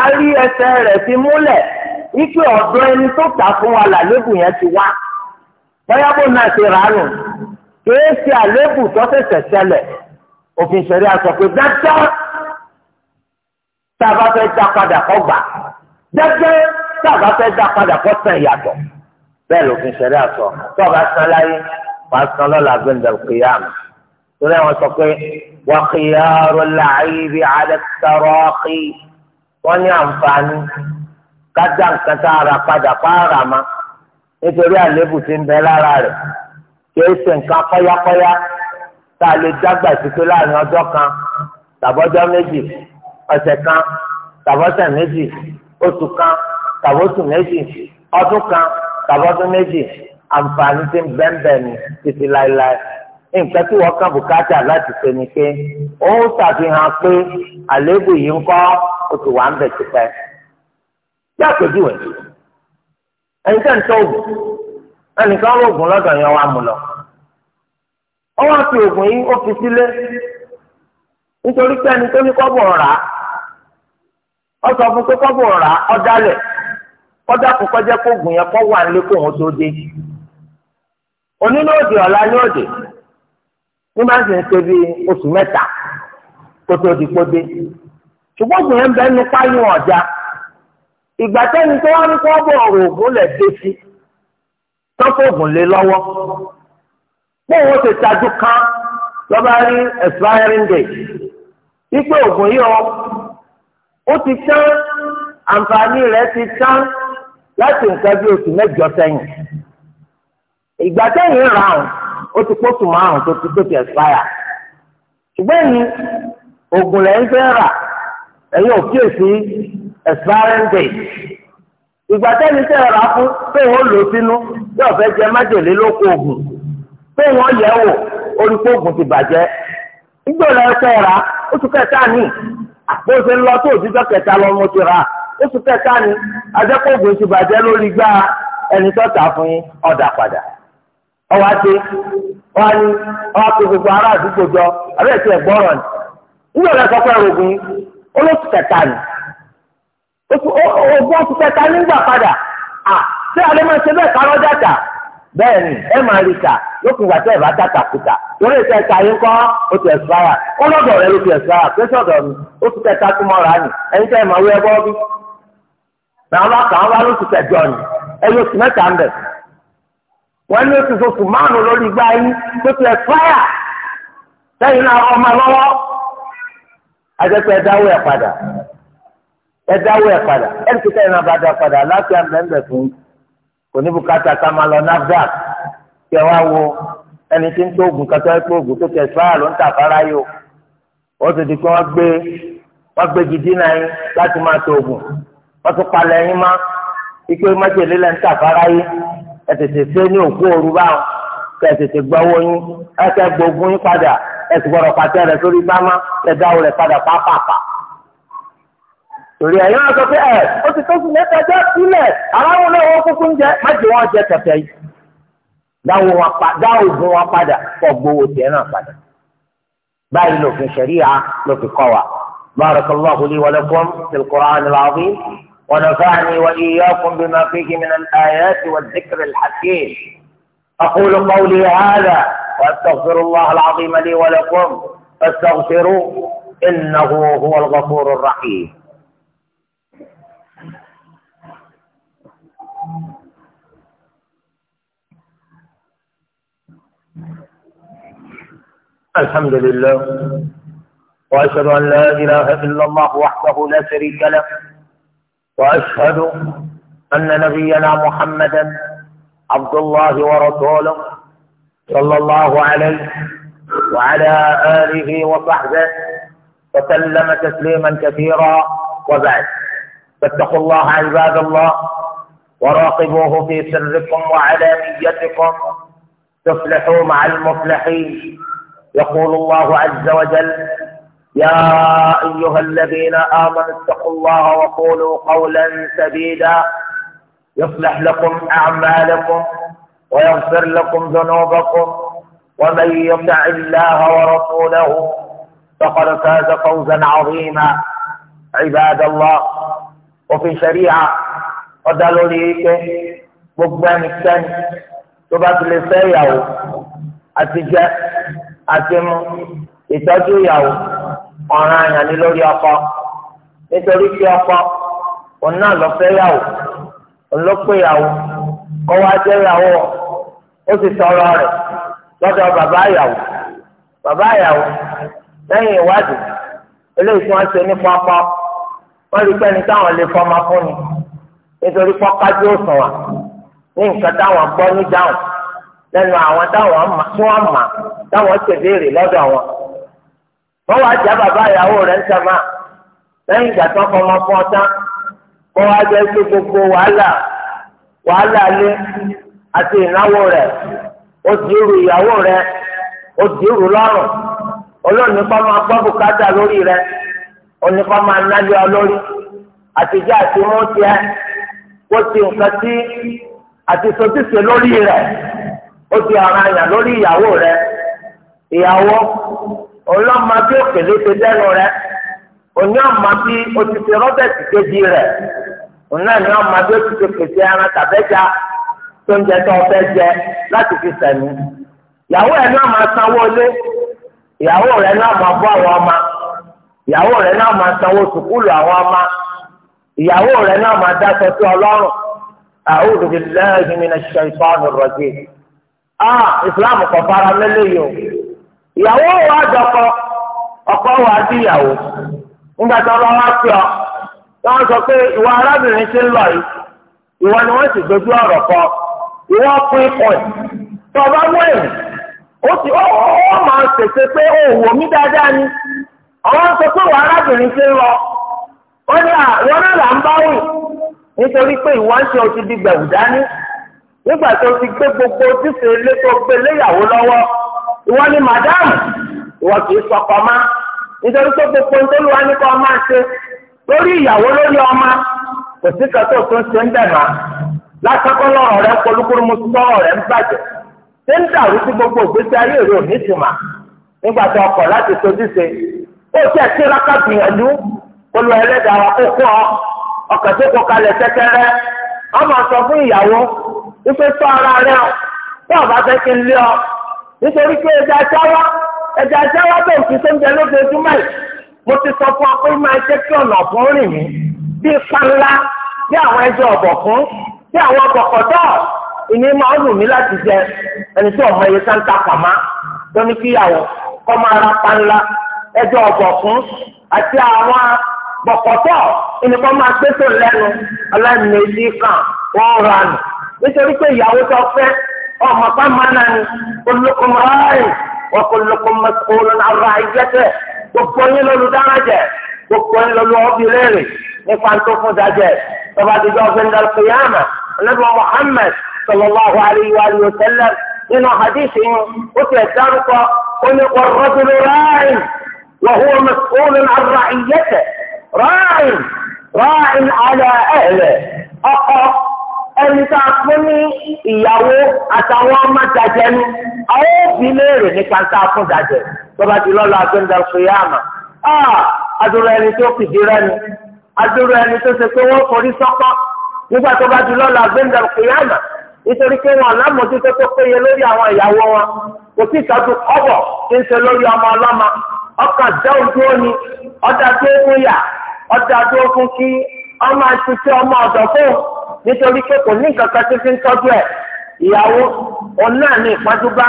Speaker 1: a rí ẹsẹ̀ rẹ̀ fi múlẹ̀ wípé ọ̀dọ́ ẹni tó tà fún wa làlébù yẹn ti wá bóyá bó náà ti rà á nù kìí ṣe àlébù tó ṣẹ̀ṣẹ̀ ṣẹlẹ̀ òfin ìṣẹ̀rí aṣọ pé dájọ́ tá a bá fẹ́ dá padà kọ́ gbà dájọ́ tá a bá fẹ́ dá padà kọ́ sàn ìyàtọ̀ bẹ́ẹ̀ lòfin ìṣẹ̀rí aṣọ tó o bá san láyé wà á san lọ́la gbẹ̀ndẹ̀lù kìyàmù torí àwọn sọ pé wà kìyàrú làáyé bí alẹ́ sọ̀rọ̀ wọ́n ní àǹfààní kájà nǹkan tá a rà padà pààrà ma nítorí àléébù tí ń bẹ lára rẹ̀ kìí ṣe nǹkan kọ́yákọ́yá tá a lè dágbà sípé láàrin ọjọ́ kan tàbọ́jọ́ méjì ọ̀sẹ̀ kan tàbọ́sẹ̀ méjì oṣù kan tàbóṣù méjì ọdún kan tàbọ́dún méjì àǹfààní tí ń bẹ́ẹ̀ bẹ́ẹ̀ ni títí láéláé. nǹkan tí wọ́n kàn bùkátà láti ṣe ni pé ó ń ṣàfihàn pé àléébù yìí ń kọ́ ó ti wà ń bẹ̀ tipẹ́. Bí àpèjúwe, ẹni tẹ́ ń tọ́ òògùn, ẹnìkan ń rògùn lọ́dọ̀ yẹn mú lọ. wá fi òògùn yìí ó fi sílé nítorí pé ẹni tó ní sọ fún pé Kọ́dà kò kọjá yẹn kọ́ wà kóhun tó dé. ọ̀la ní òdì. ní bá sì ń ṣe bí oṣù mẹ́ta kó tó di kóde ṣùgbọ́n obìnrin bẹ́ẹ̀ ní páyọ̀ ọ̀já ìgbà tẹ́ni tó wá ní kó bọ̀ ọ̀rọ̀ ògùn lẹ̀ dé sí tọ́fọ̀gùn lé lọ́wọ́ bóun ṣe tajú kan lọ́ba rí expiring date wípé ògùn yìí ọ ó ti tán àǹfààní rẹ̀ ti tán láti nǹkan bí oṣù mẹ́jọ sẹ́yìn ìgbà tẹ́yìn rà ọ̀hún ó ti pósù márùn tó ti tóbi ẹ̀sìláyà ṣùgbọ́n ẹ̀yin oògùn lẹ́yìn fẹ́ rà ẹ̀yin ò kíyèsí expiring date ìgbà tẹ́ni tẹ́ rà fún pé wọ́n lò sínú bí ọ̀fẹ́ jẹ májèlé lóko oògùn pé wọ́n yẹ̀ wò orí oògùn ti bàjẹ́ nígbà lẹ́yìn fẹ́ rà oṣù kẹta ni bó ṣe tó òjijọ́ kẹta lọ mo ti rà oṣù kẹta ni ajẹ́pọ̀ ti bàjẹ́ lórí gbá ẹni fún ọ̀dà padà. ọwọ́ àti ọwọ́ àti ọwọ́ àti gbogbo ará àdúgbò jọ abẹ́rẹ́ ti ẹ̀gbọ́rọ̀ ni nígbà ni ogun nígbà padà à ṣé alẹ́ máa ṣe bẹ́ẹ̀ kárọ́ dàtà bẹ́ẹ̀ ni máa rí ta lókun ìgbà bá dàtà kúta torí o ti ó lọ́dọ̀ rẹ ló ti mi ó ti tó mọ́ra ni ẹ̀yin tẹ́ máa wí bí. wọ́n ní oṣù oṣù márùn lórí igbá yín tó ti ẹ̀fáyà sẹ́yìn náà ọmọ lọ́wọ́ àjẹpẹ́ ẹ̀dáwó ẹ̀ padà ẹ̀dáwó ẹ̀ padà ẹ̀rí kí sẹ́yìn náà bá dá padà láti àmẹ́mbẹ̀ fún kò ní bùkátà ká máa lọ nafdac kí ẹ wá wo ẹni tí ń tó oògùn kátó ẹ pé oògùn tó ti ẹ̀fáyà ló ń tà fara yó ó ti di pé wọ́n gbé wọ́n gbé gidi náà yín láti máa tó oògùn wọ́n tún palẹ̀ yín má ikú májèlé lẹ́ ń tà fara yín ẹ tètè ṣe ní òkú òru báwọn kẹ tètè gbọ́wọ́ yín ẹ kẹ gbógun yín padà ẹ sì gbọ́dọ̀ pàtẹ rẹ sórí gbámá ẹ dáwọ́ rẹ padà pápápá torí ẹ̀yin wọn sọ pé ẹ ó ti tó sùn mẹ́ta jẹ́ sílẹ̀ aláwọ̀ náà wọ́n kúkú ń jẹ má jẹ wọ́n jẹ tẹ̀tẹ̀ yìí dáwọ́ wọn pa dáwọ́ ògùn wọn padà kọ́ gbowó tiẹ̀ náà padà báyìí lòfin ṣẹ̀ríà lòfin kọ́ wa barakallahu li wa lakum fil Qur'anil azim. ونفعني وإياكم بما فيه من الآيات والذكر الحكيم أقول قولي هذا وأستغفر الله العظيم لي ولكم فاستغفروا إنه هو الغفور الرحيم الحمد لله وأشهد أن لا إله إلا الله وحده لا شريك له وأشهد أن نبينا محمدا عبد الله ورسوله صلى الله عليه وعلى آله وصحبه وسلم تسليما كثيرا وبعد فاتقوا الله عباد الله وراقبوه في سركم وعلانيتكم تفلحوا مع المفلحين يقول الله عز وجل يا أيها الذين آمنوا اتقوا الله وقولوا قولا سديدا يصلح لكم أعمالكم ويغفر لكم ذنوبكم ومن يطع الله ورسوله فقد فاز فوزا عظيما عباد الله وفي شريعة ọdálórí ike gbogbo السن tó bá أتجأ أتم fẹ́ يوم ọ̀ràn àyàn ni lórí ọkọ nítorí tí ọkọ òun náà lọ fẹ́ yàwó òun ló pé yàwó kó wá jẹ́ yàwó ó sì sọ̀rọ̀ rẹ̀ lọ́dọ̀ bàbá yàwó bàbá yàwó lẹ́yìn ìwádìí eléyìí tí wọ́n ṣe ní pọ́npọ́n wọ́n rí pẹ́ni táwọn lè fọmọ fún ni nítorí pọ́kájú wa ní nǹkan táwọn gbọ́ ní dáhùn lẹ́nu àwọn táwọn tí wọ́n mà táwọn ṣèbéèrè lọ́dọ̀ wọn. wọ́n wá já bàbá ìyàwó rẹ̀ ń sàmà lẹ́yìn ìgbà tó kọmọ fún ọtá wọ́n wá jẹ́ pé gbogbo wàhálà wàhálà lé àti ìnáwó rẹ̀ ó dìrù ìyàwó rẹ̀ ó dìrù lọ́rùn olóòní kọ́ máa gbọ́ bùkátà lórí rẹ̀ òní kọ́ máa náyọ lórí àtijọ́ àti kó ti nǹkan tí àti sotìsẹ́ lórí rẹ̀ ó ọlọ́mọ bí òkèlè ti dẹ́nu rẹ òní ọmọ bí o ti fi rọ́bẹ̀tì kejì rẹ òun náà ní ọmọ bí o ti fi pèsè ara tàbẹ́jà tó ń jẹ tó ọbẹ̀ jẹ láti fi sẹ̀mí ìyàwó ẹ̀ náà máa sanwó ilé ìyàwó rẹ náà máa bọ́ àwọn ọmọ ìyàwó rẹ náà máa sanwó sùkúlù àwọn ọmọ ìyàwó rẹ náà máa dáṣọ sí ọlọ́run a'udhu billahi minash shaitanir ìyàwó wa dọkọ ọkọ wa di ìyàwó ńgbà tó bá ọ wọn sọ pé ìwà arábìnrin ti ń lọ yìí ìwọ ni wọn sì dojú ọ̀rọ̀ kọ ìwọ pín ó ti ó ó máa ṣèṣe pé ó dáadáa ni àwọn sọ pé ìwà arábìnrin ti ń lọ wọn ní gbogbo ojúṣe tó gbé léyàwó lọ́wọ́. ìwọ ni madam ìwọ kì í sọkọ ma nítorí pé gbogbo ń tó lu wa ní kọ́ máa ṣe lórí ṣe ń lọ́rọ̀ rẹ polúkúrú mu sọ́rọ̀ rẹ ń bàjẹ́ ṣé ń dàrú gbogbo ògbésí ayé rẹ nígbà tó ọkọ̀ láti sojúṣe ó ẹ̀ gbìyànjú kó lọ ẹlẹ́dàá wa kó kọ́ ọkọ̀ tó kọ kalẹ̀ tẹ́tẹ́rẹ́ ọmọ sọ fún ìyàwó sọ ara rẹ ọ nítorí pé ẹja jáwá ẹja jáwá tó fi tó ń jẹ lójoojúmọ́ yìí mo ti sọ fún ọ pé máa jẹ́ kí ọ̀nà ọ̀fun rìn mí bí ipa ńlá bí àwọn ẹja ọ̀bọ̀kún bí àwọn ọ̀bọ̀kọ̀dọ̀ ìní máa ń wù mí láti jẹ ẹni tí ọmọ yẹn sáńtà pàmà lóní kíyàwó kọ́ máa ra pa ńlá ẹja ọ̀bọ̀kún àti àwọn bọ̀kọ̀tọ̀ ìní kọ́ máa gbé tó lẹ́nu aláìní kan wọ́n ranù ومطمنا كلكم راع وكلكم مسؤول عن رعيته وكوني له درجة وكوني له لعب ليلي نفعته فزاجة فبعد جوف عند القيامة نبو محمد صلى الله عليه وآله وسلم إنه حديث وتسرق خلق الرجل راع وهو مسؤول عن رعيته راع راع على أهله أقرأ ẹni tá a fún ní ìyàwó àtàwọn ọmọ dàjẹ́ ni àwọn òbí léèrè nípa tá a fún dàjẹ́ bàbá ti agbẹ́ndà ẹni tó fìdí rẹmi ẹni tó ṣe pé wọ́n forí sọ́kọ́ nígbà tó bá ti agbẹ́ndà nítorí pé wọn tó péye lórí àwọn ìyàwó wọn kò sí ìtọ́jú ọ̀bọ̀ tí ń ṣe lórí ọmọ ọlọ́mọ ọkàn jẹ́ ojú omi ọjà tó yà nítorí pé kò ní nǹkan kan títí ń tọ́jú ẹ̀ ìyàwó òun náà ní ìpọ́njú bá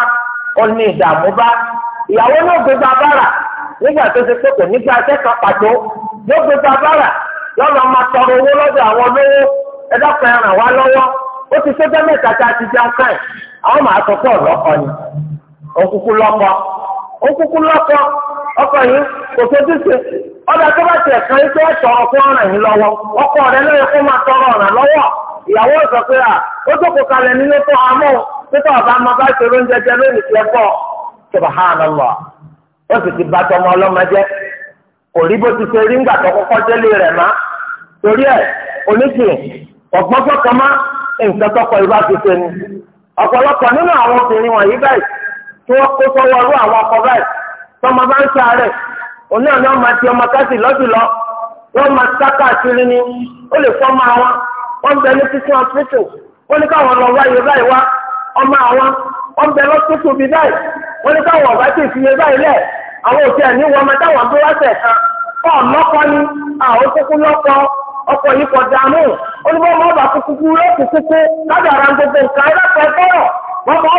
Speaker 1: òun ní ìdààmú bá ìyàwó náà gbé bàbára nígbà tó ti pé kò ní gba akẹ́kọ̀ọ́ pàtó yóò gbé lọ́nà máa tọrọ owó lọ́dọ̀ àwọn olówó wá lọ́wọ́ ó ti ṣe bẹ́ẹ̀ kacha, a ti jẹun fẹ́ àwọn máa ni lọ́kọ lọ́kọ ọkọ yìí kò sojúṣe tó bá kan tó tọrọ fún ọ̀ràn lọ́wọ́ ọkọ lóye kó máa tọrọ ìyàwó sọ pé à ó jókòó kalẹ̀ nínú tó amú títọ́ ọba ọmọ bá ṣe oúnjẹ jẹ lónìí tiẹ̀ bọ̀ ó sì ti bá tọmọ ọlọ́mọ kò rí bó ti ṣe rí ńgbà tó kọ́kọ́ délé rẹ̀ má torí ẹ̀ oníṣìn ọ̀gbọ́n fọ́kàn má nǹkan tọkọ ìbá ti ṣe ni ọ̀pọ̀lọpọ̀ ọkọ báyìí bá ń ọmọ kásì lọ́sùlọ́ wọ́n máa wọ́n bẹ ní christian hospital wọ́n ní káwọn lọ wáyé báyìí wá ọmọ àwọn wọ́n bẹ lọ́sítò bíi báyìí wọ́n ní káwọn ìfiyè báyìí lẹ̀ àwọn òkè ẹ̀ ní wọ́n tó lọ́sẹ̀ kan lọ́kọ́ ni àwọn kúkú lọ́kọ́ ọkọ̀ yìí kọ̀ dààmú onímọ̀ ọba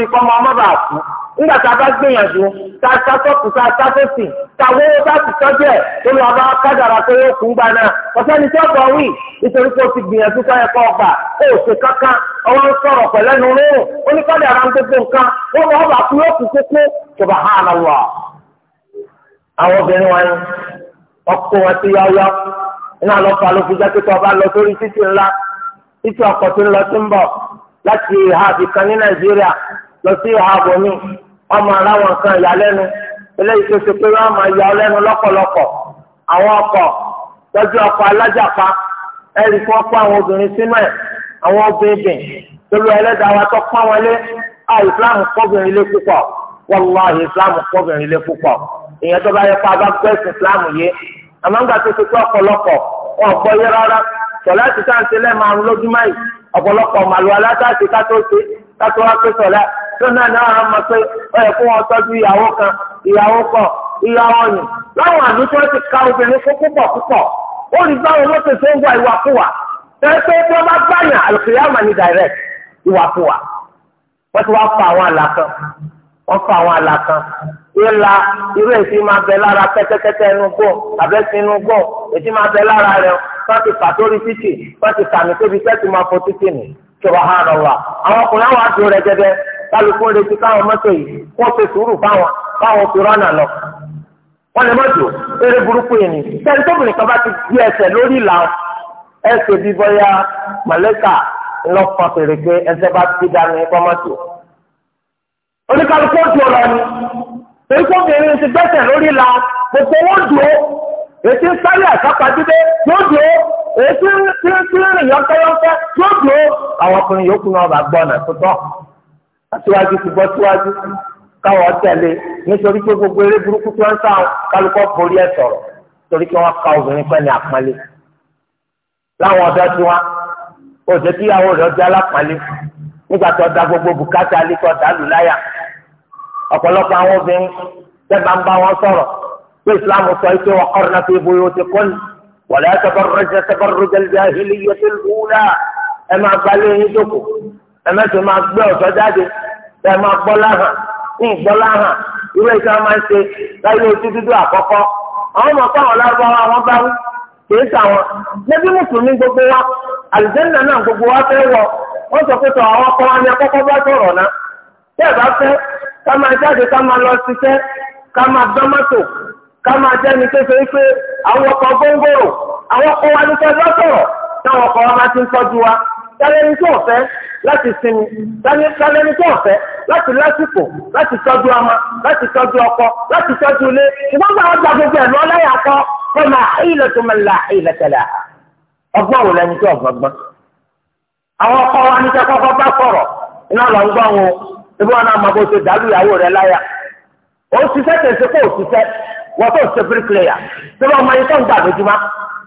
Speaker 1: ọba kúkú nígbà tá a bá gbìyànjú tá a sásọ́kù tá a sásọ́sì tá a wọ́wọ́ tá a sì tó lọ bá kádàrà pé ó kú gbaná wí nítorí pé o ti gbìyànjú ẹ̀kọ́ ọgbà ó ṣe kankan ọwọ́ ń sọ̀rọ̀ ó ní ń gbogbo nǹkan ó lọ kú yóò kú kúkú àwọn obìnrin wa ni ọkọ wọn ti yáyá iná lọ fà ọba ọmọ aláwọn kan ìyàlẹ́nu eléyìí tó ṣe pé wọ́n máa ya ọlẹ́nu lọ́pọ̀lọpọ̀ àwọn ọkọ̀ tọ́jú ọkọ̀ alájàpá ẹ̀rí fún ọ̀pọ̀ àwọn obìnrin sínú ẹ̀ àwọn obìnrin tolú ẹlẹ́dàá wa tó pọ́n wọlé à ìsìláàmù kọ́bìnrin lé púpọ̀ wàlúwàhì ìsìláàmù kọ́bìnrin lé púpọ̀ ìyẹn tó bá yẹ kó a bá gbé ẹ̀sìn ìsìláàmù yé àmọ́ nígbà tó ṣe pé ọ̀pọ̀lọpọ̀ wọn ò gbọ́ yé rárá sọ̀lá ti sáǹtì lẹ́ẹ̀ máa ń lójúmọ́ yìí ọ̀pọ̀lọpọ̀ màlúwa látàkì ká tó ṣe kátó wá pé sọ̀lá tó náà náà á mọ̀ pé ó yẹ kó wọn tọ́jú ìyàwó kan ìyàwó kọ̀ ìyàwó yìí láwọn àdó tí wọ́n ti ka obìnrin fún púpọ̀ púpọ̀ ó rí báwọn ló ti ń wá ìwàkuwà tẹ́lẹ̀ pé bá báyà àlùkìyàmà ní direct ìwàkuwà wọ́n ti wá fa àwọn àlà kan wọ́n fa àwọn àlà kan ìlà irú èsì máa bẹ lára kẹ́tẹ́kẹ́tẹ́ inú gbọ́ àbẹ́sí inú gbọ́ èsì máa bẹ lára rẹ̀ wọ́n ti fà títì wọ́n ti fà tóbi tẹ́tì máa fọ títì nìyí subhanallah àwọn ọkùnrin àwọn àti rẹ̀ gẹ́gẹ́ kálukú retí káwọn mọ́tò yìí wọ́n fi sùúrù fáwọn fáwọn fi rọ́nà lọ. wọ́n lè mọ́tò eré burúkú yìí ni sẹ́ni tóbìnrin kan bá ti di ẹsẹ̀ lórí ìlà ẹsẹ̀ bí bọ́yá mọ̀lẹ́kà lọ́kàn fèrè pé ẹsẹ̀ bá ti dànù ẹ̀kọ́ mọ́tò. oníkálukú ojú ọ̀rọ̀ ni èyí tó bẹ̀rẹ̀ ti gbẹ́sẹ̀ lórí ìlà gbogbo wọn dùn ó èyí tí ń sáré àsápàdé yóò dùn ó èyí tí ń rìn yọ̀ǹkẹ́yọ̀ǹkẹ́ yóò dùn ó àwọn ọkùnrin yòókù náà bá gbọ́ ọ̀nà tó tọ́ aṣíwájú ti gbọ́ síwájú káwọn tẹ̀lé nítorí pé gbogbo eré burúkú tí wọ́n ń sáwọn kálukọ́ forí ẹ̀ sọ̀rọ̀ torí kí wọ́n ka obìnrin pẹ́ ní àpọ́nlé láwọn ọ̀dọ́ tí wọ́n ò jẹ́ kí àwọn ọ̀dọ́ jẹ́ alápọ́nlé nígbà tó da gbogbo bùkátà alikọ̀ dàlú láyà ọ̀pọ̀lọpọ̀ àwọn obìnrin tẹ́gbà ń bá wọn sọ̀rọ̀ pé Islam sọ pé wọ́n kọ́rin náà fi ibo yóò ti kọ́ni wọ̀lẹ́ tẹ́gbà rẹ̀ ẹ máa gbalịrị yín jókòó ẹ mẹ́tò máa gbé ọ̀sọ́ jáde ẹ máa gbọ́ láhàn ní ìgbọ́ láhàn irú èyí tí wọ́n máa ń ṣe láyé ojú dúdú àkọ́kọ́ àwọn ọmọ fáwọn wọn bá wí kì í sàwọn níbi mùsùlùmí gbogbo wa àlùjẹ́ńdà náà gbogbo wa fẹ́ wọ wọ́n sọ pé àwọn ọkọ wa ni bá sọ̀rọ̀ náà bá fẹ́ ká máa jáde ká máa lọ ṣiṣẹ́ ká máa táwọn ọkọ wa máa ti ń tọ́jú wa tálẹ́ni tó ọ̀fẹ́ láti sinmi tálẹ́ni tó ọ̀fẹ́ láti lásìkò láti ọkọ láti tọ́jú ilé ṣùgbọ́n bá wọn gba gbogbo ẹ̀ lọ́ọ́ lẹ́yà kọ́ wọ́n ayílẹ̀ tó máa la a ọgbọ́n wò lẹni tó ọ̀gbọ́n gbọ́n àwọn ọkọ wa bá sọ̀rọ̀ iná lọ ń gbọ́ wọn ibi wọn náà máa bó ṣe dàlú ìyàwó rẹ láyà òṣìṣẹ́ tẹ̀sí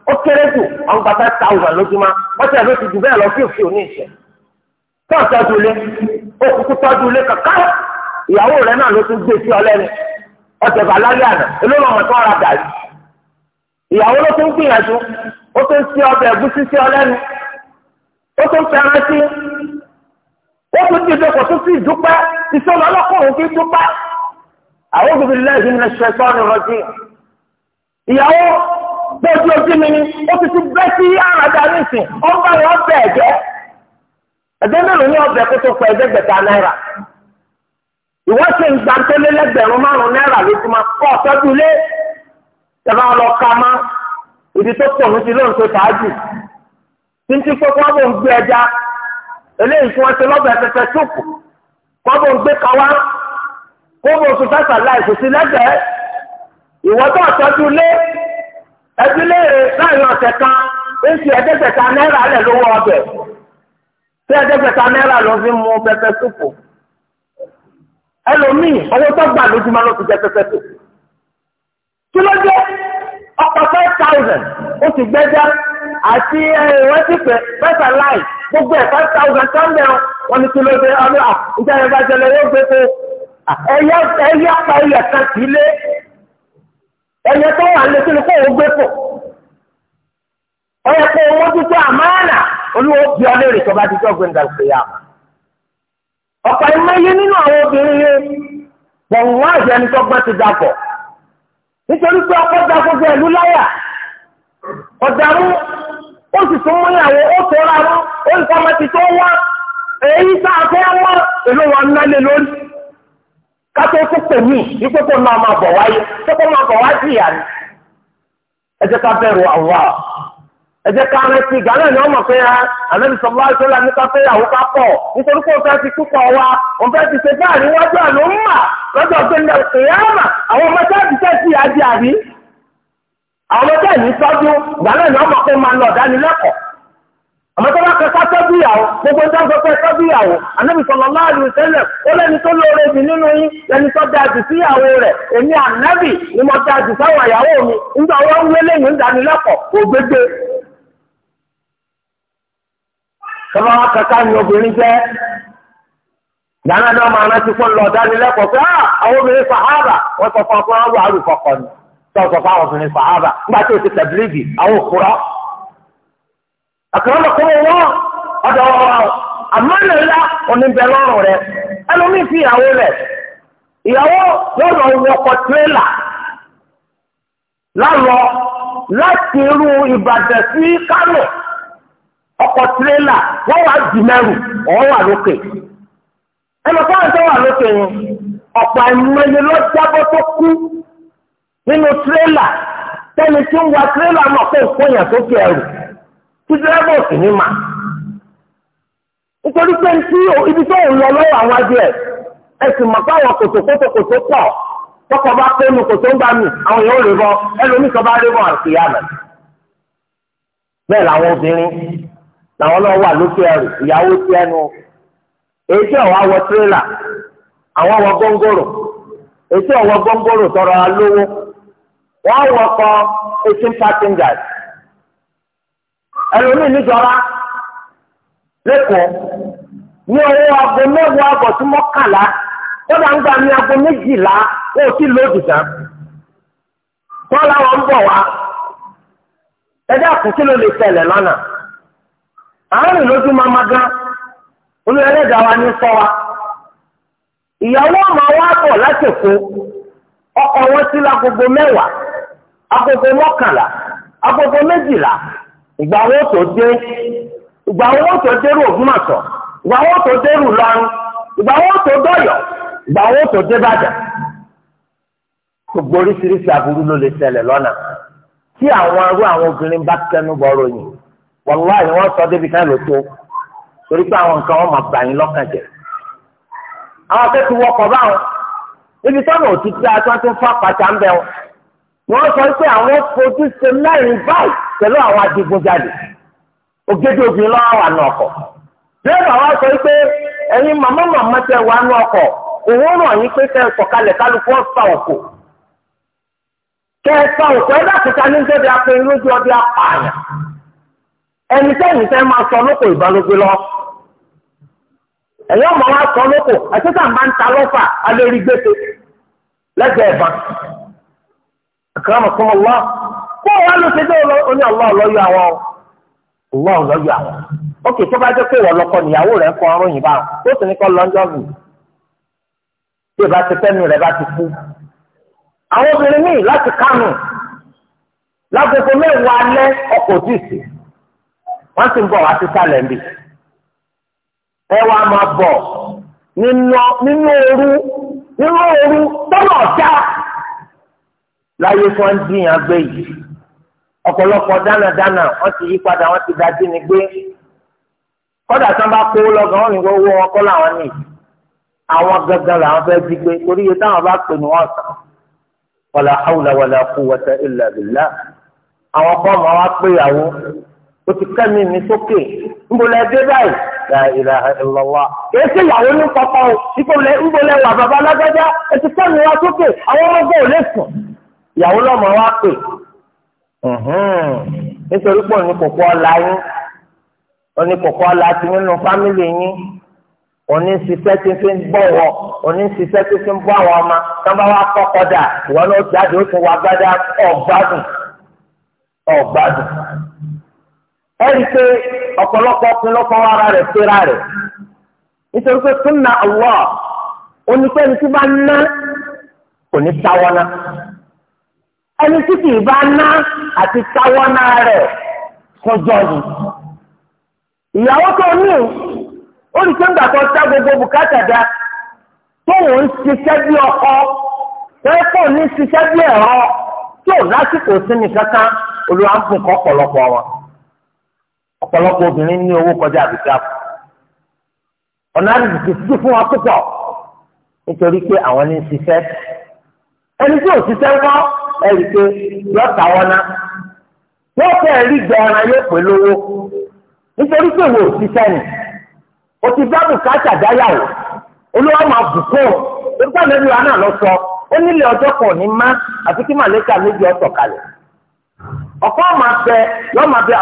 Speaker 1: ó kéré jù àwọn bàtà tàwùzà lójúmọ́ wọ́n tẹ̀ ló ti jù bẹ́ẹ̀ lọ sí òfin òní ìṣẹ́ tó ń tọ́jú ilé ó kúkú tọ́jú ilé kàkà ìyàwó rẹ̀ náà ló tún gbé sí ọ lẹ́nu ọ̀sẹ̀ bàlálẹ́ àná olóòrùn ọ̀tọ́ ara dàrí ìyàwó ló tún gbìyànjú ó tún sí ọbẹ̀ ẹ̀gúsí sí ọ lẹ́nu ó tún fẹ́ràn sí ó tún dìde kò tún sí ìdúpẹ́ ìṣòro ọlọ́kùnrin kì í àwọn obìnrin lẹ́yìn ní ṣẹ́ṣọ́ ni rọ́jì ìyàwó bọ́ọ̀dù ojú mi ni ó ti ti bẹ́ sí àràdà nísìn ó ń bá ẹ̀jẹ̀ ẹ̀jẹ̀ mélòó ní ọbẹ̀ kó tó pẹ́ ẹ̀ẹ́dẹ́gbẹ̀ta náírà ìwọ́n ṣe tó lé lẹ́gbẹ̀rún márùn-ún náírà lójúmọ́ kọ́ ọ̀tọ́jú lé tẹ̀lé má ìdí tó ẹja eléyìí tí wọ́n ṣe lọ́bẹ̀ kí wọ́n bò ń gbé kó bò ń ẹbí léèrè láàrin ọ̀sẹ̀ kan ó ń fi ẹ̀ẹ́dẹ́gbẹ̀ta náírà lẹ̀ lówó ọbẹ̀ tí ẹ̀ẹ́dẹ́gbẹ̀ta náírà lọ fi mu pẹpẹ súpù ẹlòmíì owó tó gbà lójúmọ́ ló fi jẹ pẹpẹ súpù kí ló dé ọkọ̀ five thousand ó ti gbẹ́já àti ẹ̀rọ ti pẹ̀ pẹ́sà láì gbogbo ẹ̀ five thousand sọ́ndẹ̀ wọn ni kí ló dé ọdún à ìjà ìrìnàjò lè yóò gbé fún ẹ̀yà ẹ̀yà pa ẹ̀yà kan kì í lé ẹ̀yẹ tó wà lé sínú kó gbé pò
Speaker 2: kó o àmàlà
Speaker 1: olúwo ọ léèrè tó bá ti tó yà má. ọ̀pọ̀ nínú àwọn obìnrin ẹni tó gbọ́n ti nítorí pé ọkọ̀ da gbogbo ẹ̀lú láyà ó sì tún mú ìyàwó ó tó ra ó nǹkan ọmọ ti tó wá èyí sáà kátó tó pè mí ipò kó náà máa bọ̀ wáyé tó kó máa bọ̀ wá sí ìyá ni. ẹ jẹ́ ká bẹ̀rù àwa ẹ jẹ́ ká rántí ìgbà náà ni wọ́n mọ̀ pé ẹ ànábi sọ̀rọ̀ láti sọ́la nípa pé ìyàwó ká pọ̀ nítorí pé òfin ti túkọ̀ wa òfin ti ṣe báà níwájú àná ń mà lọ́jọ́ pé ní ìyáàmà àwọn ọmọ táàbì tẹ̀ sí ìyá di àbí àwọn ọmọ táàbì tọ́jú ìgbà náà ni wọ́n mọ̀ pé máa lọ ọ̀dánilẹ́kọ̀ọ́ àmọ́ tó bá kẹ ká tọ́jú ìyàwó gbogbo ń dáńsọ pé tọ́jú ìyàwó ànábì sallallahu alaihi wasallam ó lẹ́ni tó lóore jù nínú yín lẹ́ni tó da jù sí ìyàwó rẹ̀ èmi ànábì ni mo da jù sáwọn ìyàwó mi nígbà wọn ń wélé yìí ń dání lọ́pọ̀ kò gbégbé. tọ́lá wa kẹta ni obìnrin jẹ́ yàrá náà máa rántí fún lọ dání lẹ́kọ̀ọ́ pé ah, àwọn obìnrin sàhábà wọ́n sọ fún ọ àkàrà kọ́ wọ́ ụwa ọ̀rọ̀ àmọ́ ńlá oníbẹ̀ lọ́rùn rẹ̀ ẹlòmíì fi ìyàwó rẹ̀ ìyàwó yóò lọ wọkọ̀ tirẹ́là láti irú Ìbàdàn sí Kánò ọkọ̀ tirẹ́là wọ́n wá jì mẹ́rù wà lókè ẹnìkan àti wà lókè yẹn ọ̀pọ̀ àìmọye ló jábọ́ tó kú nínú tirẹ́là tẹ́ni tí ń wa náà kó tí dírẹ́bù sì ní mà nítorí pé tí ibi tó ń lọ lọ́wọ́ àwọn adìẹ ẹ sì mọ̀ páwọn kòtòkòtòkòtò pọ̀ tọkọ bá pẹ́ẹ́nu kòtò ń bá mi àwọn èèyàn ò bọ ẹlòmíì bá rí bọ àti ìyá bẹ́ẹ̀ làwọn obìnrin làwọn wà ẹnu èyí tí tírélà àwọn góńgòrò èyí tí góńgòrò tọrọ ẹlòmíì níjọba lẹ́kọ̀ọ́ ní owó aago mẹ́wàá àbọ̀tí mọ́kànlá kódà ń gbà ní aago méjìlá ó ti lóòdù tán tọ́lá wọn ń bọ̀ wá ẹjẹ́ àkùnkí ló lè tẹ̀lẹ̀ àárín lójú ma gán wa ní ìyàwó ìgbà wo tó dé ìgbà wo tó dérú Ògbómọ̀ṣọ́ ìgbà wo tó dérú Ìlọrin ìgbà wo tó dọ̀yọ́ ìgbà wo tó dé Ìbàdàn gbogbo oríṣiríṣi aburú ló lè ṣẹlẹ̀ lọ́nà tí àwọn arú àwọn obìnrin bá tẹnu bọ̀ ròyìn wàláhì wọ́n sọ débi ká ló tó torí pé àwọn nǹkan wọn máa bà yín lọ́kàn jẹ́ àwọn akẹ́kọ̀ọ́ wọkọ̀ báwọn níbi sọ́nà òtútù àti wọn ti ń fọ́ àpàtà ń bẹ̀ wọn. wọ́n sọ pé àwọn fojú ṣe mẹ́rin báyìí pẹ̀lú àwọn adigunjalè ògidì obìnrin lọ́wọ́ wà ọkọ̀ dẹ́rẹ́bà wa sọ pé ẹ̀yin màmá màmá tẹ wà ọkọ̀ òun ràn yín òkò kẹ́ ẹ òkò ẹ ní jẹ́bi lójú ọdí apààyàn ẹni sẹ́yìn fẹ́ máa sọ lóko ìbálòpé ọmọ wa sọ lóko àti akramakum Allah kó wà ló ṣe dé oní Allah lọ́yọ̀ àwọn Allah lọ́yọ̀ àwọn ókè tó bá jẹ́ pé ìwọ lọ́kọ níyàwó rẹ̀ kọ́ ọrùn yìí báwọn tó sì ní kọ́ lọ́njọ́ bù tí ìbá ti tẹ́nu rẹ̀ bá ti kú. àwọn obìnrin míì láti kánù lágbègbè mẹ́wàá alẹ́ ọkọ̀ òjìṣì wọ́n sì ń bọ̀ wá sí sálẹ̀ níbi. ẹ wàá máa bọ̀ nínú ooru nínú ooru tọ́lọ̀ ọ̀já. láyé tí wọ́n gbé yìí ọ̀pọ̀lọpọ̀ dánadáná wọ́n ti yí padà wọ́n ti da díni gbé kọ́dà tí wọ́n bá kó lọ́gàn wọ́n ní owó wọn kọ́ làwọn ní àwọn gangan làwọn fẹ́ di gbé torí iye táwọn bá pè ní wọ́n sàn wàlà hàwùlà wàlà kú wọ́tẹ́ àwọn fọ́ọ̀mù wa pé ìyàwó o ti kẹ́mi mi sókè dé báyìí ìyàwó lọ́mọ wa pè nítorí pé òní kòkó ọ̀la yín òní kòkó ọ̀la ti nínú fámìlì yín òní ṣiṣẹ́ tí fi ń bọ̀wọ̀ òní ṣiṣẹ́ tí fi ń bọ́ àwọn ọmọ sábà wa kọ́kọ́ dà ìwọ náà jáde ó ti wá gbádá ọ̀gbádùn ọ̀gbádùn. ẹ rí i pé ọ̀pọ̀lọpọ̀ ọkùnrin ló fọwọ́ ara rẹ̀ síra rẹ̀ nítorí pé súnà Allah onípẹ́ni tí bá ń ná kò ní sáwọ́ náà ẹni tí kì í bá ná àti táwọ́ náà rẹ̀ kọjọ ni. ìyàwó tó ní ó rí sẹ́ńgbà tó ta gbogbo bùkátà dá tóun ń ṣiṣẹ́ bí ọkọ tẹ́fọ̀ ní ṣiṣẹ́ bí ẹ̀rọ tí ò lásìkò sínú kankan olùwà ń fún kọ́ ọ̀pọ̀lọpọ̀ wọn. ọ̀pọ̀lọpọ̀ obìnrin ní owó kọjá àbíkí àpò. ọ̀nà àdìsí ti sí fún wọn púpọ̀ nítorí pé àwọn ní ṣiṣẹ́ ẹni tí ò ṣiṣẹ́ ń kọ́. ẹ̀rí pé yóò ta fẹ́ rí gbẹ̀rán yóò pè nítorí pé ni o ti bá bùkátà dáyàwó olúwa máa bùkún nípa lẹ́nu àná lọ sọ ó nílé ọjọ́ kan ní má àti kí màlẹ́kà méjì ọ̀tọ̀ kalẹ̀ ọkọ máa bẹ "Yọ máa bẹ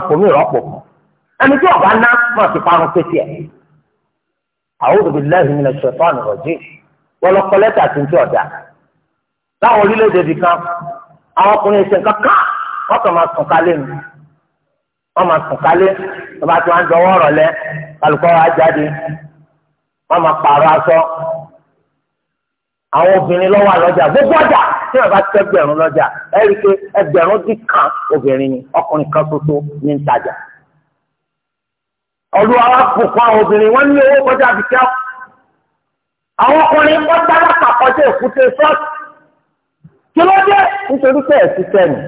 Speaker 1: a fún ẹni tí ọba ná máa fi parun pété ẹ a'udhu billahi minash shaitani rajim wọn lọ kọ lẹ́tà tí ń tí ọ̀dà láwọn orílẹ̀-èdè bì kan àwọn ọkùnrin ṣe nǹkan kan wọ́n kàn máa sùn kálé nu wọ́n máa sùn kálé wọ́n bá ti wá ń jọ wọ́ọ̀rọ̀ lẹ kálukọ́ wa jáde wọ́n máa pààrọ̀ aṣọ àwọn obìnrin lọ́wọ́ àlọ́jà gbogbo ọjà tí wọ́n bá tẹ́ ẹgbẹ̀rún lọ́jà ẹ̀rí pé ẹgbẹ̀rún dín kan obìnrin ni ọkùnrin kan ṣoṣo ní ń tajà ọ̀rọ̀ arákùnkùn àwọn obìnrin wọ́n ní owó kọjá àbíkẹ́ àwọn ọkùnrin wọ́n dára pàkọ́jà èkúté sọ́ọ̀tì kí ló dé nítorí pé ẹ̀ ṣiṣẹ́ nì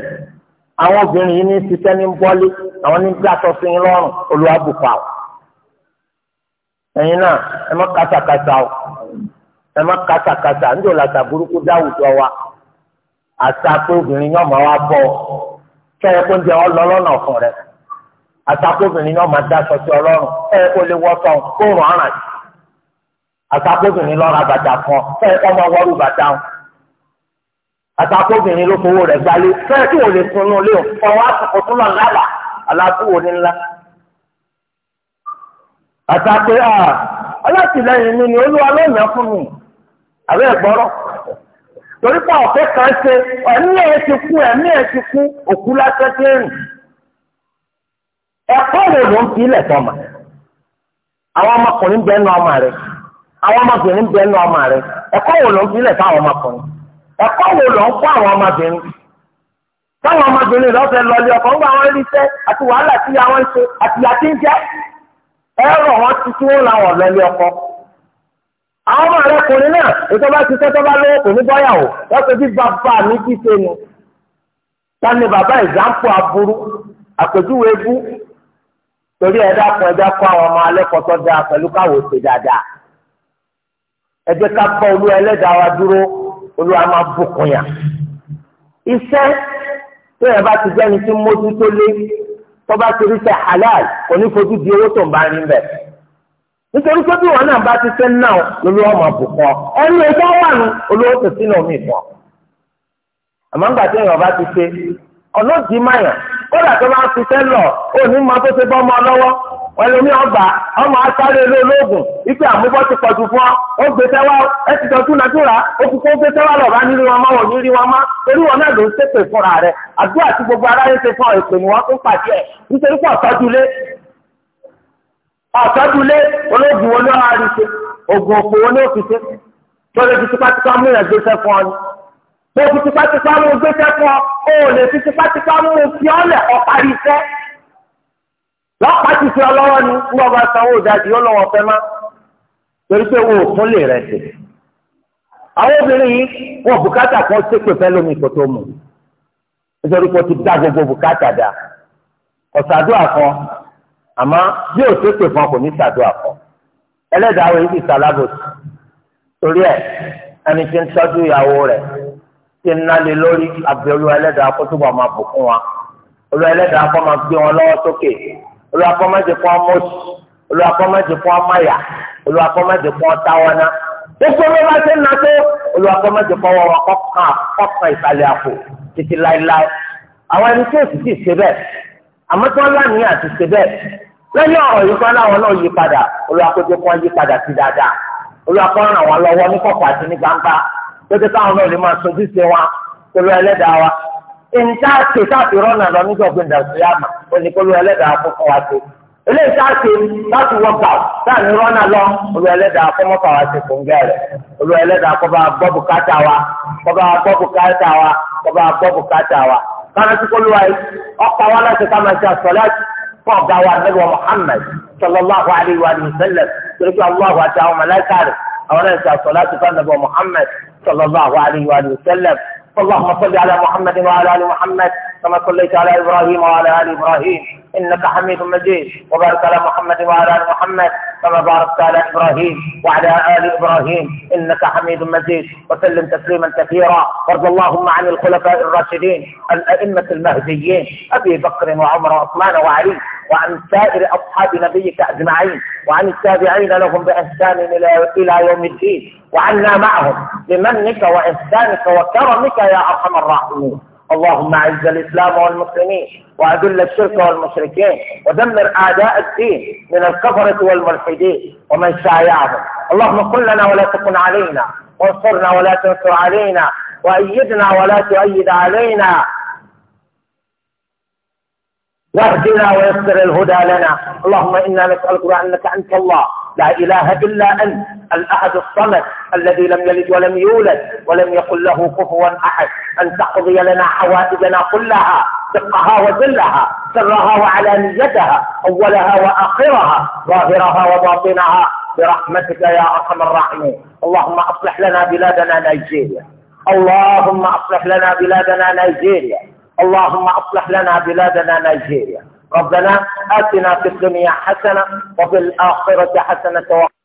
Speaker 1: àwọn obìnrin yìí ní ṣiṣẹ́ ní bọ́lé àwọn ní gbàtọ́ sí yín lọ́rùn olùwàbùkà o ẹ̀yin náà ẹ má kàtàkàtà o ẹ má kàtàkàtà ń dòlà tà dáwùjọ wa àṣà pé obìnrin yóò máa bọ̀ kẹ́yẹ kó ń jẹ ọ lọ lọ́nà rẹ̀ àtàkóbìnrin náà máa dá sọsí ọlọ́run ẹ kó lè wọ́tọ̀ kóòrùn ọ̀ràn jù àtàkóbìnrin lọ́ra bàtà kan ẹ kọ́ máa wọ́rù bàtà wọn àtàkóbìnrin ló fowó rẹ̀ gbalé fẹ́ẹ́ tí wò lè sunú lé o ọ̀rọ̀ àsìkò tó lọ lálà aláàbúwò ní ńlá àtàkó à alátìlẹyìn mi ni olúwa ló nà fún mi àbẹ́ ẹ̀gbọ́rọ̀ torí pé ọ̀fẹ́ kan ṣe ẹ̀mí ẹ̀ ti kú ẹ̀mí ẹ̀ ti kú òkú lásán tí ń rìn. ẹ̀kọ́ wo ló ń fi ilẹ̀ tọ́ àwọn ọmọkùnrin bẹ́ẹ̀ nù ọmọ rẹ àwọn ọmọbìnrin bẹ́ẹ̀ nù ọmọ rẹ ẹ̀kọ́ wo ló ń fi ilẹ̀ ọmọkùnrin ẹ̀kọ́ wo ló ń kọ́ àwọn ọmọbìnrin ọmọbìnrin ti wọn làwọn ọmọ rẹ kùnrin náà ètò bá ṣiṣẹ́ tó bá lówó kò ní wọ́n ṣe bí bàbá mi kí ṣe nu torí ẹ dákun ẹ dákun àwọn ọmọ alẹ́kọ̀ọ́ tó dáa pẹ̀lú káwọ́ ṣe dáadáa ẹ jẹ́ ká bọ́ olú ẹlẹ́dàá wa dúró olúwa máa bùkún yà iṣẹ́ tó yẹ bá ti jẹ́ni tí mójú tó lé tó bá ti rí iṣẹ́ halal kò ní fojú di owó tó ń bá rí bẹ̀ nítorí pé bí wọn náà bá ti fẹ́ náà olúwa máa bùkún ẹni ẹjọ́ wà ní olówó tó sínú omi ìfọ̀ àmọ́ ńgbà tí èèyàn bá ti ṣe ọ̀nà ìdí máyàn kódà tó máa fi sẹ́lọ̀ òní máa tó ṣe bọ́ ọmọ lọ́wọ́ pẹ̀lú mi ọba ọmọ asáré olóògùn ipe àmúbọ́ ti pọ̀jù fún ọ ó gbé sẹ́wà ẹ ti jọ túnadúrà òkùnkùn ó gbé sẹ́wà lọ́ba nílé wọn má wọ̀nyí rí wọn má torí wọn náà ló ń ṣépè fúnra rẹ àdúrà gbogbo aráyé ṣe fún wọn pàdé ẹ mo fi tipátipá mú gbéṣẹ́ fún ọ o ò lè fi tipátipá mú fi ọ́lẹ̀ ọ̀parí iṣẹ́ lọ́pàá ti fi ọlọ́wọ́ ni ní ọba sanwó ìdajì yóò lọ́wọ́ fẹ́ má torí pé wo òfin lè rẹ̀ sí. àwọn obìnrin yìí wọn bùkátà kan ṣépè fẹ́ lómi kò tó mú nítorí pé ó ti dá gbogbo bùkátà dá ọ̀sàdúà kan àmọ́ bí ò ṣépè fún ọ kò ní sàdúà kan ẹlẹ́dàá wo yìí ti sàlábòsì torí ẹ̀ ẹni tí ń tọ́jú ìyàwó rẹ̀ tí ń nálé lórí àbí olú ẹlẹ́dàá kó túbọ̀ máa bùkún wa olú ẹlẹ́dàá kó máa gbé wọn lọ́wọ́ sókè olú akọ́mọ́jẹ fún ọmọọ̀sì olú akọ́mọ́jẹ fún ọmọọ̀yà olú akọ́mọ́jẹ fún ọ̀táwọ́ná gbogbo ló bá ti ń na tó olú akọ́mọ́jẹ fún ọwọ́ wa kọ́kàn kọ́kàn ìsàlẹ̀ àpò títí láéláé àwọn ẹni tí èsì sì ṣe bẹ́ẹ̀ àmọ́ tí wọ́n lánìyàn àti ṣe bẹ́ẹ̀ lẹ́yìn ọ̀rọ̀ yìí kan láwọn náà yí padà olú akọ́jẹ fún ọ yí padà sí dáadáa olú akọ́ràn wọn lọ́wọ́ ní kọ̀kọ̀ àti ní gbangba lókè káwọn náà lè máa sojú sí wa ẹlẹ́dàá wa nta ṣe káàkiri ọ̀nà lọ òní ẹlẹ́dàá fún wa ṣe a ṣe láti wọ gbà láàrin rọ́nà lọ olú ẹlẹ́dàá mọ́fà wa ṣe fún gẹ́rẹ́ olú ẹlẹ́dàá kọ́ bá gbọ́ bùkátà wa kọ́ bá gbọ́ bùkátà wa kọ́ bá gbọ́ bùkátà wa kó yìí wa láti ká máa ṣe fún ọ̀gá wa àwọn náà الصلاة àsọ̀láàtì محمد صلى الله عليه وآله وسلم اللهم صل على محمد وعلى ال محمد كما صليت على ابراهيم وعلى ال ابراهيم انك حميد مجيد وبارك على محمد وعلى ال محمد كما باركت على ابراهيم وعلى ال ابراهيم انك حميد مجيد وسلم تسليما كثيرا وارض اللهم عن الخلفاء الراشدين الائمه المهديين ابي بكر وعمر وعثمان وعلي وعن سائر أصحاب نبيك أجمعين وعن التابعين لهم بإحسان إلى يوم الدين وعنا معهم بمنك وإحسانك وكرمك يا أرحم الراحمين اللهم اعز الإسلام والمسلمين وأذل الشرك والمشركين ودمر أعداء الدين من الكفرة والملحدين ومن شايعهم اللهم قل لنا ولا تكن علينا وانصرنا ولا تنصر علينا وأيدنا ولا تؤيد علينا واهدنا ويسر الهدى لنا اللهم إنا نسألك أنك أنت الله لا إله إلا أنت الأحد الصمد الذي لم يلد ولم يولد ولم يقل له كفوا أحد أن تقضي لنا حوائجنا كلها دقها وزلها سرها وعلانيتها أولها وآخرها ظاهرها وباطنها برحمتك يا أرحم الراحمين اللهم أصلح لنا بلادنا نيجيريا
Speaker 2: اللهم
Speaker 1: أصلح لنا بلادنا نيجيريا اللهم أصلح لنا بلادنا نيجيريا ربنا آتنا في الدنيا حسنة وفي الآخرة حسنة